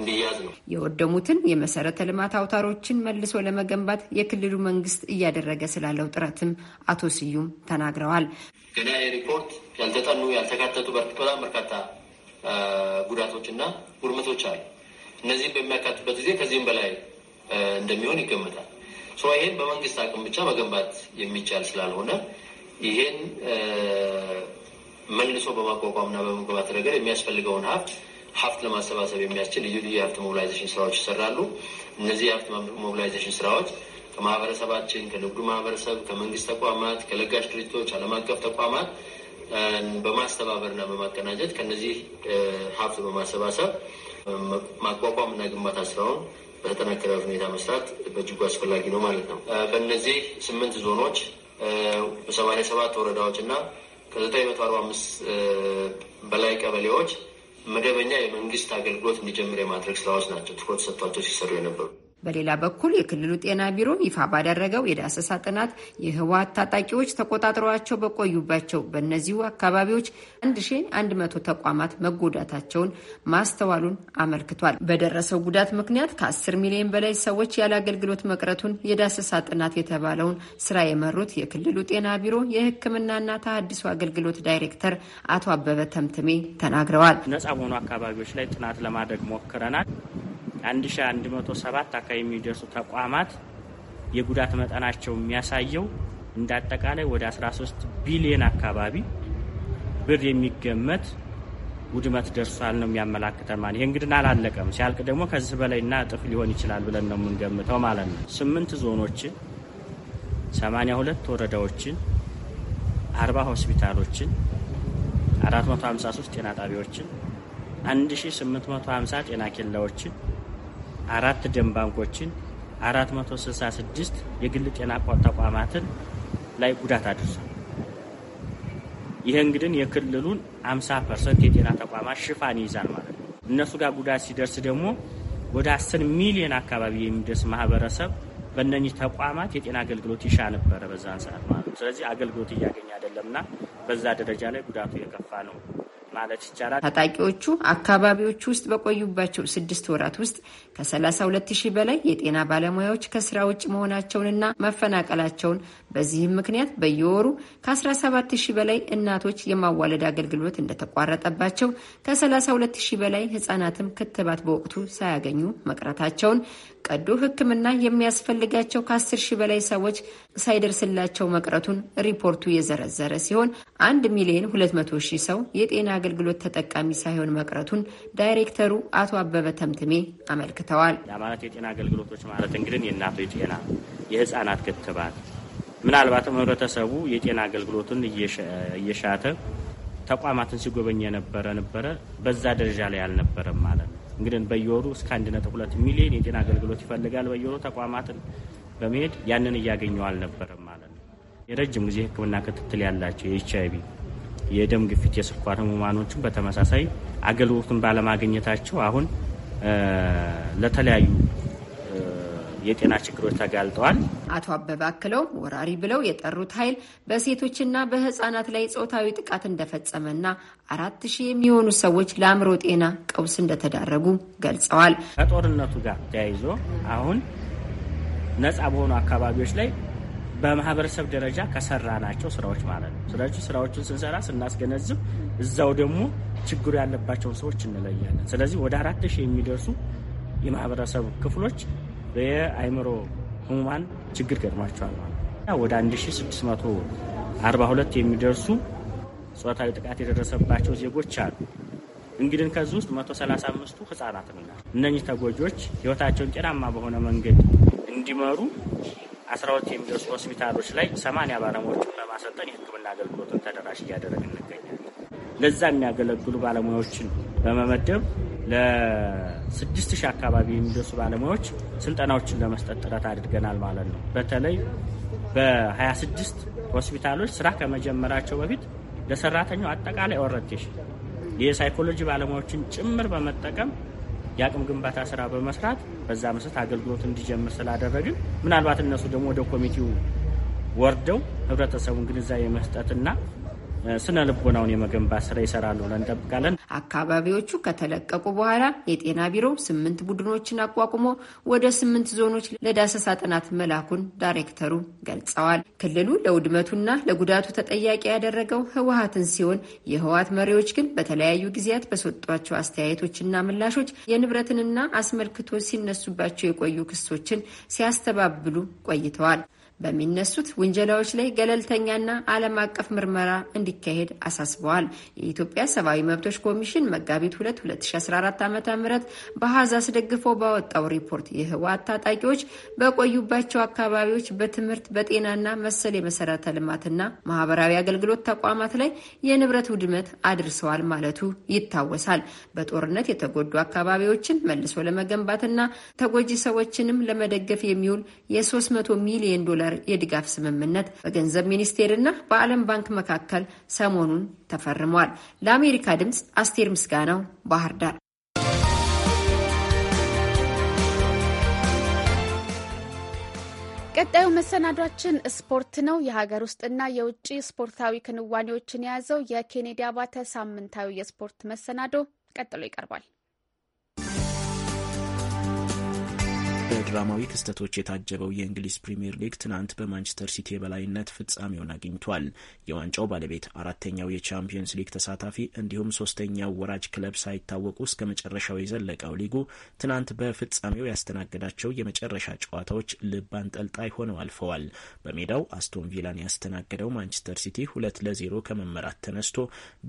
እንዲያዝ ነው። የወደሙትን የመሰረተ ልማት አውታሮችን መልሶ ለመገንባት የክልሉ መንግስት እያደረገ ስላለው ጥረትም አቶ ስዩም ተናግረዋል። ገና የሪፖርት ያልተጠኑ ያልተካተቱ በጣም በርካታ ጉዳቶች እና ጉርምቶች አሉ። እነዚህም በሚያካትበት ጊዜ ከዚህም በላይ እንደሚሆን ይገመታል። ይሄን በመንግስት አቅም ብቻ መገንባት የሚቻል ስላልሆነ ይሄን መልሶ በማቋቋምና በመግባት ረገድ የሚያስፈልገውን ሀብት ሀብት ለማሰባሰብ የሚያስችል ልዩ ልዩ የሀብት ሞቢላይዜሽን ስራዎች ይሰራሉ። እነዚህ የሀብት ሞቢላይዜሽን ስራዎች ከማህበረሰባችን፣ ከንግዱ ማህበረሰብ፣ ከመንግስት ተቋማት፣ ከለጋሽ ድርጅቶች፣ ዓለም አቀፍ ተቋማት በማስተባበርና በማቀናጀት ከነዚህ ሀብት በማሰባሰብ ማቋቋምና ግንባታ ስራውን በተጠናከረ ሁኔታ መስራት በእጅጉ አስፈላጊ ነው ማለት ነው። በእነዚህ ስምንት ዞኖች በሰማኒያ ሰባት ወረዳዎች እና ከ945 በላይ ቀበሌዎች መደበኛ የመንግስት አገልግሎት እንዲጀምር የማድረግ ስራዎች ናቸው ትኩረት ሰጥቷቸው ሲሰሩ የነበሩ በሌላ በኩል የክልሉ ጤና ቢሮ ይፋ ባደረገው የዳሰሳ ጥናት የህወሀት ታጣቂዎች ተቆጣጥረዋቸው በቆዩባቸው በእነዚሁ አካባቢዎች 1100 ተቋማት መጎዳታቸውን ማስተዋሉን አመልክቷል። በደረሰው ጉዳት ምክንያት ከ10 ሚሊዮን በላይ ሰዎች ያለ አገልግሎት መቅረቱን የዳሰሳ ጥናት የተባለውን ስራ የመሩት የክልሉ ጤና ቢሮ የህክምናና ተሃድሶ አገልግሎት ዳይሬክተር አቶ አበበ ተምትሜ ተናግረዋል። ነጻ በሆኑ አካባቢዎች ላይ ጥናት ለማድረግ ሞክረናል። 1107 አካባቢ የሚደርሱ ተቋማት የጉዳት መጠናቸው የሚያሳየው እንደ አጠቃላይ ወደ 13 ቢሊዮን አካባቢ ብር የሚገመት ውድመት ደርሷል ነው የሚያመላክተን። ማለት ይህ እንግዲህ አላለቀም። ሲያልቅ ደግሞ ከዚህ በላይ እና እጥፍ ሊሆን ይችላል ብለን ነው የምንገምተው ማለት ነው። ስምንት ዞኖችን፣ 82 ወረዳዎችን፣ 40 ሆስፒታሎችን፣ 453 ጤና ጣቢያዎችን፣ 1850 ጤና ኬላዎችን አራት ደም ባንኮችን 466 የግል ጤና ተቋማትን ላይ ጉዳት አድርሷል። ይሄ እንግዲህ የክልሉን 50 ፐርሰንት የጤና ተቋማት ሽፋን ይይዛል ማለት ነው። እነሱ ጋር ጉዳት ሲደርስ ደግሞ ወደ 10 ሚሊዮን አካባቢ የሚደርስ ማህበረሰብ በእነኚህ ተቋማት የጤና አገልግሎት ይሻ ነበረ በዛን ሰዓት ማለት ነው። ስለዚህ አገልግሎት እያገኘ አይደለምና በዛ ደረጃ ላይ ጉዳቱ የከፋ ነው። ማለት ይቻላል። ታጣቂዎቹ አካባቢዎች ውስጥ በቆዩባቸው ስድስት ወራት ውስጥ ከ32 ሺህ በላይ የጤና ባለሙያዎች ከስራ ውጭ መሆናቸውንና መፈናቀላቸውን በዚህም ምክንያት በየወሩ ከ17 ሺህ በላይ እናቶች የማዋለድ አገልግሎት እንደተቋረጠባቸው፣ ከ32 ሺህ በላይ ህጻናትም ክትባት በወቅቱ ሳያገኙ መቅረታቸውን ቀዶ ሕክምና የሚያስፈልጋቸው ከአስር ሺህ በላይ ሰዎች ሳይደርስላቸው መቅረቱን ሪፖርቱ የዘረዘረ ሲሆን አንድ ሚሊዮን ሁለት መቶ ሺህ ሰው የጤና አገልግሎት ተጠቃሚ ሳይሆን መቅረቱን ዳይሬክተሩ አቶ አበበ ተምትሜ አመልክተዋል። የአማራት የጤና አገልግሎቶች ማለት እንግዲህ የእናቶ ጤና፣ የህፃናት ክትባት ምናልባትም ህብረተሰቡ የጤና አገልግሎቱን እየሻተ ተቋማትን ሲጎበኝ የነበረ ነበረ በዛ ደረጃ ላይ አልነበረም ማለት ነው። እንግዲህ በየወሩ እስከ 1.2 ሚሊዮን የጤና አገልግሎት ይፈልጋል። በየወሩ ተቋማትን በመሄድ ያንን እያገኘው አልነበረም ማለት ነው። የረጅም ጊዜ ሕክምና ክትትል ያላቸው የኤች አይቪ፣ የደም ግፊት፣ የስኳር ህሙማኖችን በተመሳሳይ አገልግሎቱን ባለማግኘታቸው አሁን ለተለያዩ የጤና ችግሮች ተጋልጠዋል። አቶ አበበ አክለው ወራሪ ብለው የጠሩት ኃይል በሴቶችና በህጻናት ላይ ጾታዊ ጥቃት እንደፈጸመና አራት ሺህ የሚሆኑ ሰዎች ለአእምሮ ጤና ቀውስ እንደተዳረጉ ገልጸዋል። ከጦርነቱ ጋር ተያይዞ አሁን ነፃ በሆኑ አካባቢዎች ላይ በማህበረሰብ ደረጃ ከሰራ ናቸው ስራዎች ማለት ነው። ስለዚህ ስራዎቹን ስንሰራ ስናስገነዝብ፣ እዛው ደግሞ ችግሩ ያለባቸውን ሰዎች እንለያለን። ስለዚህ ወደ አራት ሺህ የሚደርሱ የማህበረሰብ ክፍሎች በአእምሮ ህሙማን ችግር ገጥሟቸዋል ማለት ነው። ወደ 1642 የሚደርሱ ጾታዊ ጥቃት የደረሰባቸው ዜጎች አሉ። እንግዲህ ከዚህ ውስጥ 135ቱ ህጻናት ምና እነኚህ ተጎጂዎች ህይወታቸውን ጤናማ በሆነ መንገድ እንዲመሩ 12 የሚደርሱ ሆስፒታሎች ላይ 80 ባለሙያዎችን በማሰልጠን የህክምና አገልግሎትን ተደራሽ እያደረግ እንገኛለን። ለዛ የሚያገለግሉ ባለሙያዎችን በመመደብ ለ6000 አካባቢ የሚደርሱ ባለሙያዎች ስልጠናዎችን ለመስጠት ጥረት አድርገናል ማለት ነው። በተለይ በ26 ሆስፒታሎች ስራ ከመጀመራቸው በፊት ለሰራተኛው አጠቃላይ ኦረንቴሽን የሳይኮሎጂ ባለሙያዎችን ጭምር በመጠቀም የአቅም ግንባታ ስራ በመስራት በዛ መሰረት አገልግሎት እንዲጀምር ስላደረግን ምናልባት እነሱ ደግሞ ወደ ኮሚቴው ወርደው ህብረተሰቡን ግንዛቤ መስጠትና ስነ ልቦናውን የመገንባት ስራ ይሰራሉ ብለን እንጠብቃለን። አካባቢዎቹ ከተለቀቁ በኋላ የጤና ቢሮ ስምንት ቡድኖችን አቋቁሞ ወደ ስምንት ዞኖች ለዳሰሳ ጥናት መላኩን ዳይሬክተሩ ገልጸዋል። ክልሉ ለውድመቱና ለጉዳቱ ተጠያቂ ያደረገው ህወሀትን ሲሆን የህወሀት መሪዎች ግን በተለያዩ ጊዜያት በሰጧቸው አስተያየቶችና ምላሾች የንብረትንና አስመልክቶ ሲነሱባቸው የቆዩ ክሶችን ሲያስተባብሉ ቆይተዋል። በሚነሱት ውንጀላዎች ላይ ገለልተኛና ዓለም አቀፍ ምርመራ እንዲካሄድ አሳስበዋል። የኢትዮጵያ ሰብአዊ መብቶች ኮሚሽን መጋቢት 2 2014 ዓ ም በሀዝ አስደግፎ ባወጣው ሪፖርት የህወሓት ታጣቂዎች በቆዩባቸው አካባቢዎች በትምህርት በጤናና መሰል የመሰረተ ልማትና ማህበራዊ አገልግሎት ተቋማት ላይ የንብረት ውድመት አድርሰዋል ማለቱ ይታወሳል። በጦርነት የተጎዱ አካባቢዎችን መልሶ ለመገንባትና ተጎጂ ሰዎችንም ለመደገፍ የሚውል የ300 ሚሊዮን ዶላር የድንበር የድጋፍ ስምምነት በገንዘብ ሚኒስቴርና በዓለም ባንክ መካከል ሰሞኑን ተፈርሟል። ለአሜሪካ ድምፅ አስቴር ምስጋናው ባህር ዳር። ቀጣዩ መሰናዷችን ስፖርት ነው። የሀገር ውስጥና የውጭ ስፖርታዊ ክንዋኔዎችን የያዘው የኬኔዲ አባተ ሳምንታዊ የስፖርት መሰናዶ ቀጥሎ ይቀርባል። በድራማዊ ክስተቶች የታጀበው የእንግሊዝ ፕሪምየር ሊግ ትናንት በማንቸስተር ሲቲ የበላይነት ፍጻሜውን አግኝቷል። የዋንጫው ባለቤት አራተኛው የቻምፒየንስ ሊግ ተሳታፊ እንዲሁም ሶስተኛው ወራጅ ክለብ ሳይታወቁ እስከ መጨረሻው የዘለቀው ሊጉ ትናንት በፍጻሜው ያስተናገዳቸው የመጨረሻ ጨዋታዎች ልብ አንጠልጣይ ሆነው አልፈዋል። በሜዳው አስቶን ቪላን ያስተናገደው ማንቸስተር ሲቲ ሁለት ለዜሮ ከመመራት ተነስቶ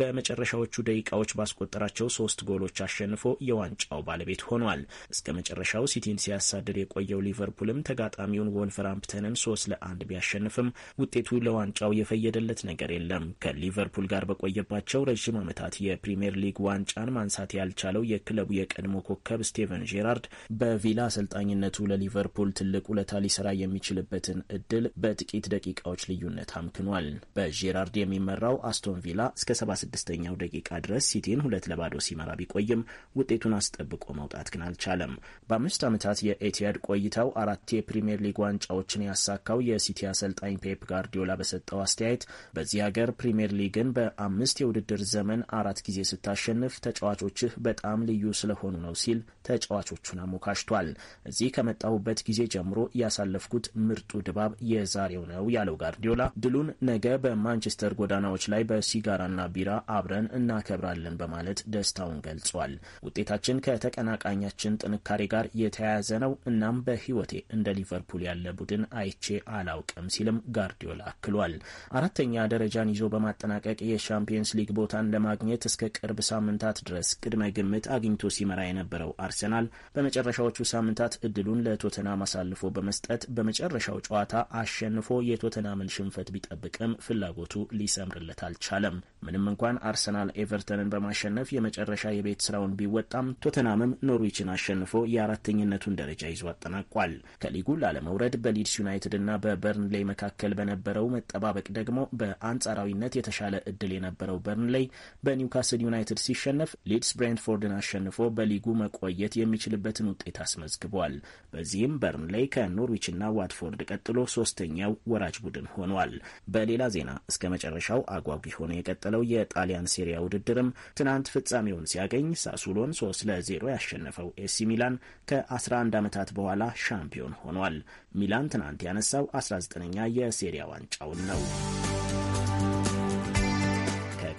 በመጨረሻዎቹ ደቂቃዎች ባስቆጠራቸው ሶስት ጎሎች አሸንፎ የዋንጫው ባለቤት ሆኗል። እስከ መጨረሻው ሲቲን ሲያሳደ ሲያወዳድር የቆየው ሊቨርፑልም ተጋጣሚውን ወልቨርሃምፕተንን ሶስት ለአንድ ቢያሸንፍም ውጤቱ ለዋንጫው የፈየደለት ነገር የለም። ከሊቨርፑል ጋር በቆየባቸው ረዥም ዓመታት የፕሪምየር ሊግ ዋንጫን ማንሳት ያልቻለው የክለቡ የቀድሞ ኮከብ ስቴቨን ጄራርድ በቪላ አሰልጣኝነቱ ለሊቨርፑል ትልቅ ውለታ ሊሰራ የሚችልበትን እድል በጥቂት ደቂቃዎች ልዩነት አምክኗል። በጄራርድ የሚመራው አስቶን ቪላ እስከ 76ኛው ደቂቃ ድረስ ሲቲን ሁለት ለባዶ ሲመራ ቢቆይም ውጤቱን አስጠብቆ መውጣት ግን አልቻለም። በአምስት ዓመታት የኤቲ በዩናይትድ ቆይተው አራት የፕሪምየር ሊግ ዋንጫዎችን ያሳካው የሲቲ አሰልጣኝ ፔፕ ጋርዲዮላ በሰጠው አስተያየት በዚህ ሀገር ፕሪምየር ሊግን በአምስት የውድድር ዘመን አራት ጊዜ ስታሸንፍ ተጫዋቾችህ በጣም ልዩ ስለሆኑ ነው ሲል ተጫዋቾቹን አሞካሽቷል። እዚህ ከመጣሁበት ጊዜ ጀምሮ ያሳለፍኩት ምርጡ ድባብ የዛሬው ነው ያለው ጋርዲዮላ ድሉን ነገ በማንቸስተር ጎዳናዎች ላይ በሲጋራና ቢራ አብረን እናከብራለን በማለት ደስታውን ገልጿል። ውጤታችን ከተቀናቃኛችን ጥንካሬ ጋር የተያያዘ ነው። እናም በህይወቴ እንደ ሊቨርፑል ያለ ቡድን አይቼ አላውቅም ሲልም ጋርዲዮላ አክሏል። አራተኛ ደረጃን ይዞ በማጠናቀቅ የሻምፒየንስ ሊግ ቦታን ለማግኘት እስከ ቅርብ ሳምንታት ድረስ ቅድመ ግምት አግኝቶ ሲመራ የነበረው አርሰናል በመጨረሻዎቹ ሳምንታት እድሉን ለቶተናም አሳልፎ በመስጠት በመጨረሻው ጨዋታ አሸንፎ የቶተናምን ሽንፈት ቢጠብቅም ፍላጎቱ ሊሰምርለት አልቻለም። ምንም እንኳን አርሰናል ኤቨርተንን በማሸነፍ የመጨረሻ የቤት ስራውን ቢወጣም ቶተናምም ኖርዊችን አሸንፎ የአራተኝነቱን ደረጃ ይዞ አጠናቋል። ከሊጉ ላለመውረድ በሊድስ ዩናይትድ እና በበርንሌይ መካከል በነበረው መጠባበቅ ደግሞ በአንጻራዊነት የተሻለ እድል የነበረው በርንሌይ በኒውካስል ዩናይትድ ሲሸነፍ፣ ሊድስ ብሬንትፎርድን አሸንፎ በሊጉ መቆየት የሚችልበትን ውጤት አስመዝግቧል። በዚህም በርንሌይ ከኖርዊችና ዋትፎርድ ቀጥሎ ሶስተኛው ወራጅ ቡድን ሆኗል። በሌላ ዜና እስከ መጨረሻው አጓጊ ሆነ የቀጠ የሚቀጥለው የጣሊያን ሴሪያ ውድድርም ትናንት ፍጻሜውን ሲያገኝ ሳሱሎን 3 ለ0 ያሸነፈው ኤሲ ሚላን ከ11 ዓመታት በኋላ ሻምፒዮን ሆኗል። ሚላን ትናንት ያነሳው 19ኛ የሴሪያ ዋንጫውን ነው።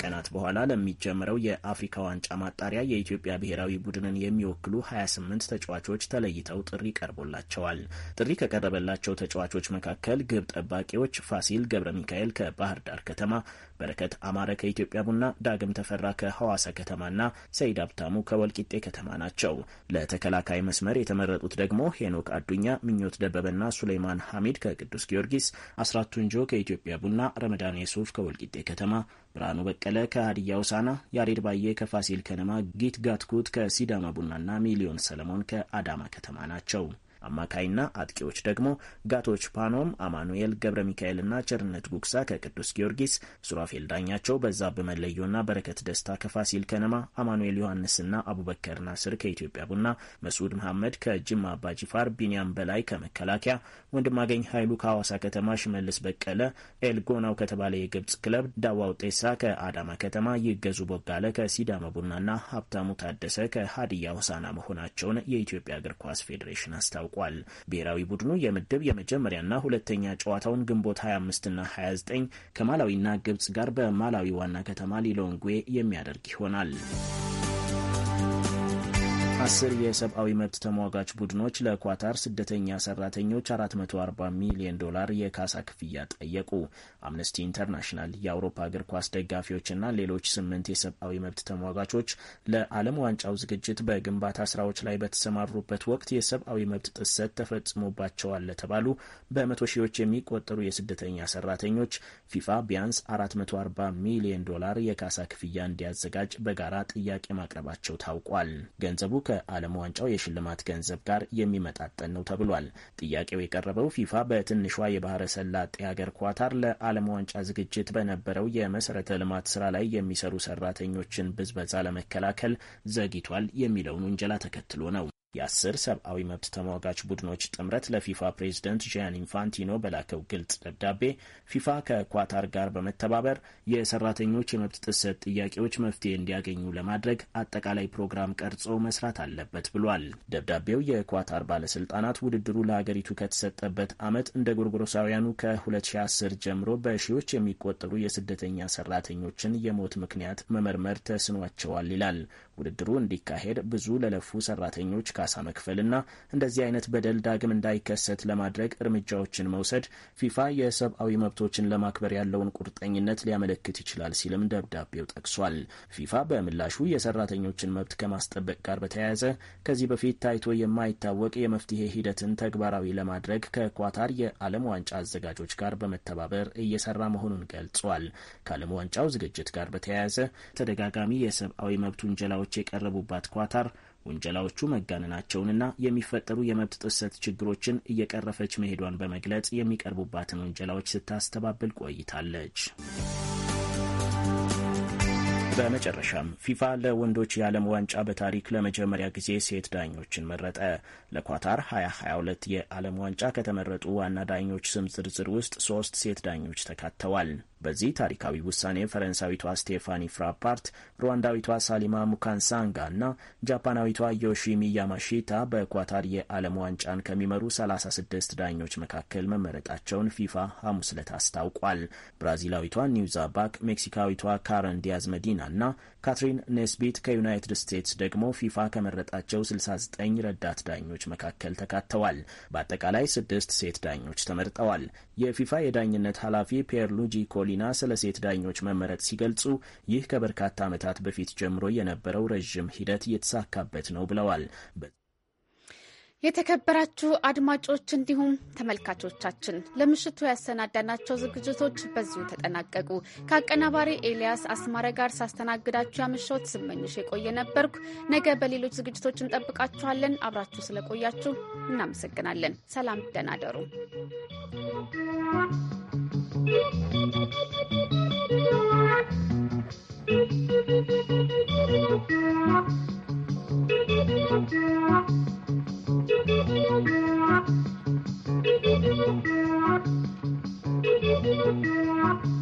ቀናት በኋላ ለሚጀምረው የአፍሪካ ዋንጫ ማጣሪያ የኢትዮጵያ ብሔራዊ ቡድንን የሚወክሉ 28 ተጫዋቾች ተለይተው ጥሪ ቀርቦላቸዋል። ጥሪ ከቀረበላቸው ተጫዋቾች መካከል ግብ ጠባቂዎች ፋሲል ገብረ ሚካኤል ከባህር ዳር ከተማ፣ በረከት አማረ ከኢትዮጵያ ቡና፣ ዳግም ተፈራ ከሐዋሳ ከተማና ሰይድ አብታሙ ከወልቂጤ ከተማ ናቸው። ለተከላካይ መስመር የተመረጡት ደግሞ ሄኖክ አዱኛ፣ ምኞት ደበበና ሱሌይማን ሐሚድ ከቅዱስ ጊዮርጊስ፣ አስራት ቱንጆ ከኢትዮጵያ ቡና፣ ረመዳን የሱፍ ከወልቂጤ ከተማ ብርሃኑ በቀለ ከሀዲያ ውሳና፣ ያሬድ ባዬ ከፋሲል ከነማ፣ ጊት ጋትኩት ከሲዳማ ቡናና ሚሊዮን ሰለሞን ከአዳማ ከተማ ናቸው። አማካይና አጥቂዎች ደግሞ ጋቶች ፓኖም፣ አማኑኤል ገብረ ሚካኤልና ቸርነት ጉግሳ ከቅዱስ ጊዮርጊስ፣ ሱራፌል ዳኛቸው፣ በዛብህ መለዮና በረከት ደስታ ከፋሲል ከነማ፣ አማኑኤል ዮሐንስና አቡበከር ናስር ከኢትዮጵያ ቡና፣ መስዑድ መሐመድ ከጅማ አባጂፋር፣ ቢንያም በላይ ከመከላከያ፣ ወንድማገኝ ኃይሉ ከሐዋሳ ከተማ፣ ሽመልስ በቀለ ኤልጎናው ከተባለ የግብጽ ክለብ፣ ዳዋው ጤሳ ከአዳማ ከተማ፣ ይገዙ ቦጋለ ከሲዳማ ቡናና ሀብታሙ ታደሰ ከሀዲያ ሆሳና መሆናቸውን የኢትዮጵያ እግር ኳስ ፌዴሬሽን አስታውቋል። አስታውቋል። ብሔራዊ ቡድኑ የምድብ የመጀመሪያና ሁለተኛ ጨዋታውን ግንቦት 25ና 29 ከማላዊና ግብጽ ጋር በማላዊ ዋና ከተማ ሊሎንግዌ የሚያደርግ ይሆናል። አስር የሰብአዊ መብት ተሟጋች ቡድኖች ለኳታር ስደተኛ ሰራተኞች 440 ሚሊዮን ዶላር የካሳ ክፍያ ጠየቁ። አምነስቲ ኢንተርናሽናል፣ የአውሮፓ እግር ኳስ ደጋፊዎችና ሌሎች ስምንት የሰብአዊ መብት ተሟጋቾች ለዓለም ዋንጫው ዝግጅት በግንባታ ስራዎች ላይ በተሰማሩበት ወቅት የሰብአዊ መብት ጥሰት ተፈጽሞባቸዋል ለተባሉ በመቶ ሺዎች የሚቆጠሩ የስደተኛ ሰራተኞች ፊፋ ቢያንስ 440 ሚሊዮን ዶላር የካሳ ክፍያ እንዲያዘጋጅ በጋራ ጥያቄ ማቅረባቸው ታውቋል። ገንዘቡ ከዓለም ዋንጫው የሽልማት ገንዘብ ጋር የሚመጣጠን ነው ተብሏል። ጥያቄው የቀረበው ፊፋ በትንሿ የባህረ ሰላጤ ሀገር ኳታር ለዓለም ዋንጫ ዝግጅት በነበረው የመሰረተ ልማት ስራ ላይ የሚሰሩ ሰራተኞችን ብዝበዛ ለመከላከል ዘግቷል የሚለውን ውንጀላ ተከትሎ ነው። የአስር ሰብአዊ መብት ተሟጋች ቡድኖች ጥምረት ለፊፋ ፕሬዝደንት ጂያን ኢንፋንቲኖ በላከው ግልጽ ደብዳቤ ፊፋ ከኳታር ጋር በመተባበር የሰራተኞች የመብት ጥሰት ጥያቄዎች መፍትሄ እንዲያገኙ ለማድረግ አጠቃላይ ፕሮግራም ቀርጾ መስራት አለበት ብሏል። ደብዳቤው የኳታር ባለስልጣናት ውድድሩ ለሀገሪቱ ከተሰጠበት ዓመት እንደ ጎርጎሮሳውያኑ ከ2010 ጀምሮ በሺዎች የሚቆጠሩ የስደተኛ ሰራተኞችን የሞት ምክንያት መመርመር ተስኗቸዋል ይላል። ውድድሩ እንዲካሄድ ብዙ ለለፉ ሰራተኞች ካሳ መክፈልና እንደዚህ አይነት በደል ዳግም እንዳይከሰት ለማድረግ እርምጃዎችን መውሰድ ፊፋ የሰብአዊ መብቶችን ለማክበር ያለውን ቁርጠኝነት ሊያመለክት ይችላል ሲልም ደብዳቤው ጠቅሷል። ፊፋ በምላሹ የሰራተኞችን መብት ከማስጠበቅ ጋር በተያያዘ ከዚህ በፊት ታይቶ የማይታወቅ የመፍትሄ ሂደትን ተግባራዊ ለማድረግ ከኳታር የዓለም ዋንጫ አዘጋጆች ጋር በመተባበር እየሰራ መሆኑን ገልጿል። ከዓለም ዋንጫው ዝግጅት ጋር በተያያዘ ተደጋጋሚ የሰብአዊ መብት ውንጀላዎች ውንጀላዎች የቀረቡባት ኳታር ውንጀላዎቹ መጋነናቸውንና የሚፈጠሩ የመብት ጥሰት ችግሮችን እየቀረፈች መሄዷን በመግለጽ የሚቀርቡባትን ውንጀላዎች ስታስተባብል ቆይታለች። በመጨረሻም ፊፋ ለወንዶች የዓለም ዋንጫ በታሪክ ለመጀመሪያ ጊዜ ሴት ዳኞችን መረጠ። ለኳታር 2022 የዓለም ዋንጫ ከተመረጡ ዋና ዳኞች ስም ዝርዝር ውስጥ ሶስት ሴት ዳኞች ተካተዋል። በዚህ ታሪካዊ ውሳኔ ፈረንሳዊቷ ስቴፋኒ ፍራፓርት፣ ሩዋንዳዊቷ ሳሊማ ሙካንሳንጋ እና ጃፓናዊቷ ዮሺሚ ያማሺታ በኳታር የዓለም ዋንጫን ከሚመሩ 36 ዳኞች መካከል መመረጣቸውን ፊፋ ሐሙስ ዕለት አስታውቋል። ብራዚላዊቷ ኒውዛ ባክ፣ ሜክሲካዊቷ ካረን ዲያዝ መዲና እና ካትሪን ኔስቢት ከዩናይትድ ስቴትስ ደግሞ ፊፋ ከመረጣቸው 69 ረዳት ዳኞች መካከል ተካተዋል። በአጠቃላይ ስድስት ሴት ዳኞች ተመርጠዋል። የፊፋ የዳኝነት ኃላፊ ፒየር ሉጂ ኮሊና ስለ ሴት ዳኞች መመረጥ ሲገልጹ ይህ ከበርካታ ዓመታት በፊት ጀምሮ የነበረው ረዥም ሂደት የተሳካበት ነው ብለዋል። የተከበራችሁ አድማጮች እንዲሁም ተመልካቾቻችን ለምሽቱ ያሰናዳናቸው ዝግጅቶች በዚሁ ተጠናቀቁ። ከአቀናባሪ ኤልያስ አስማረ ጋር ሳስተናግዳችሁ ያመሸሁት ስመኝሽ የቆየ ነበርኩ። ነገ በሌሎች ዝግጅቶች እንጠብቃችኋለን። አብራችሁ ስለቆያችሁ እናመሰግናለን። ሰላም፣ ደህና ደሩ። Thank you.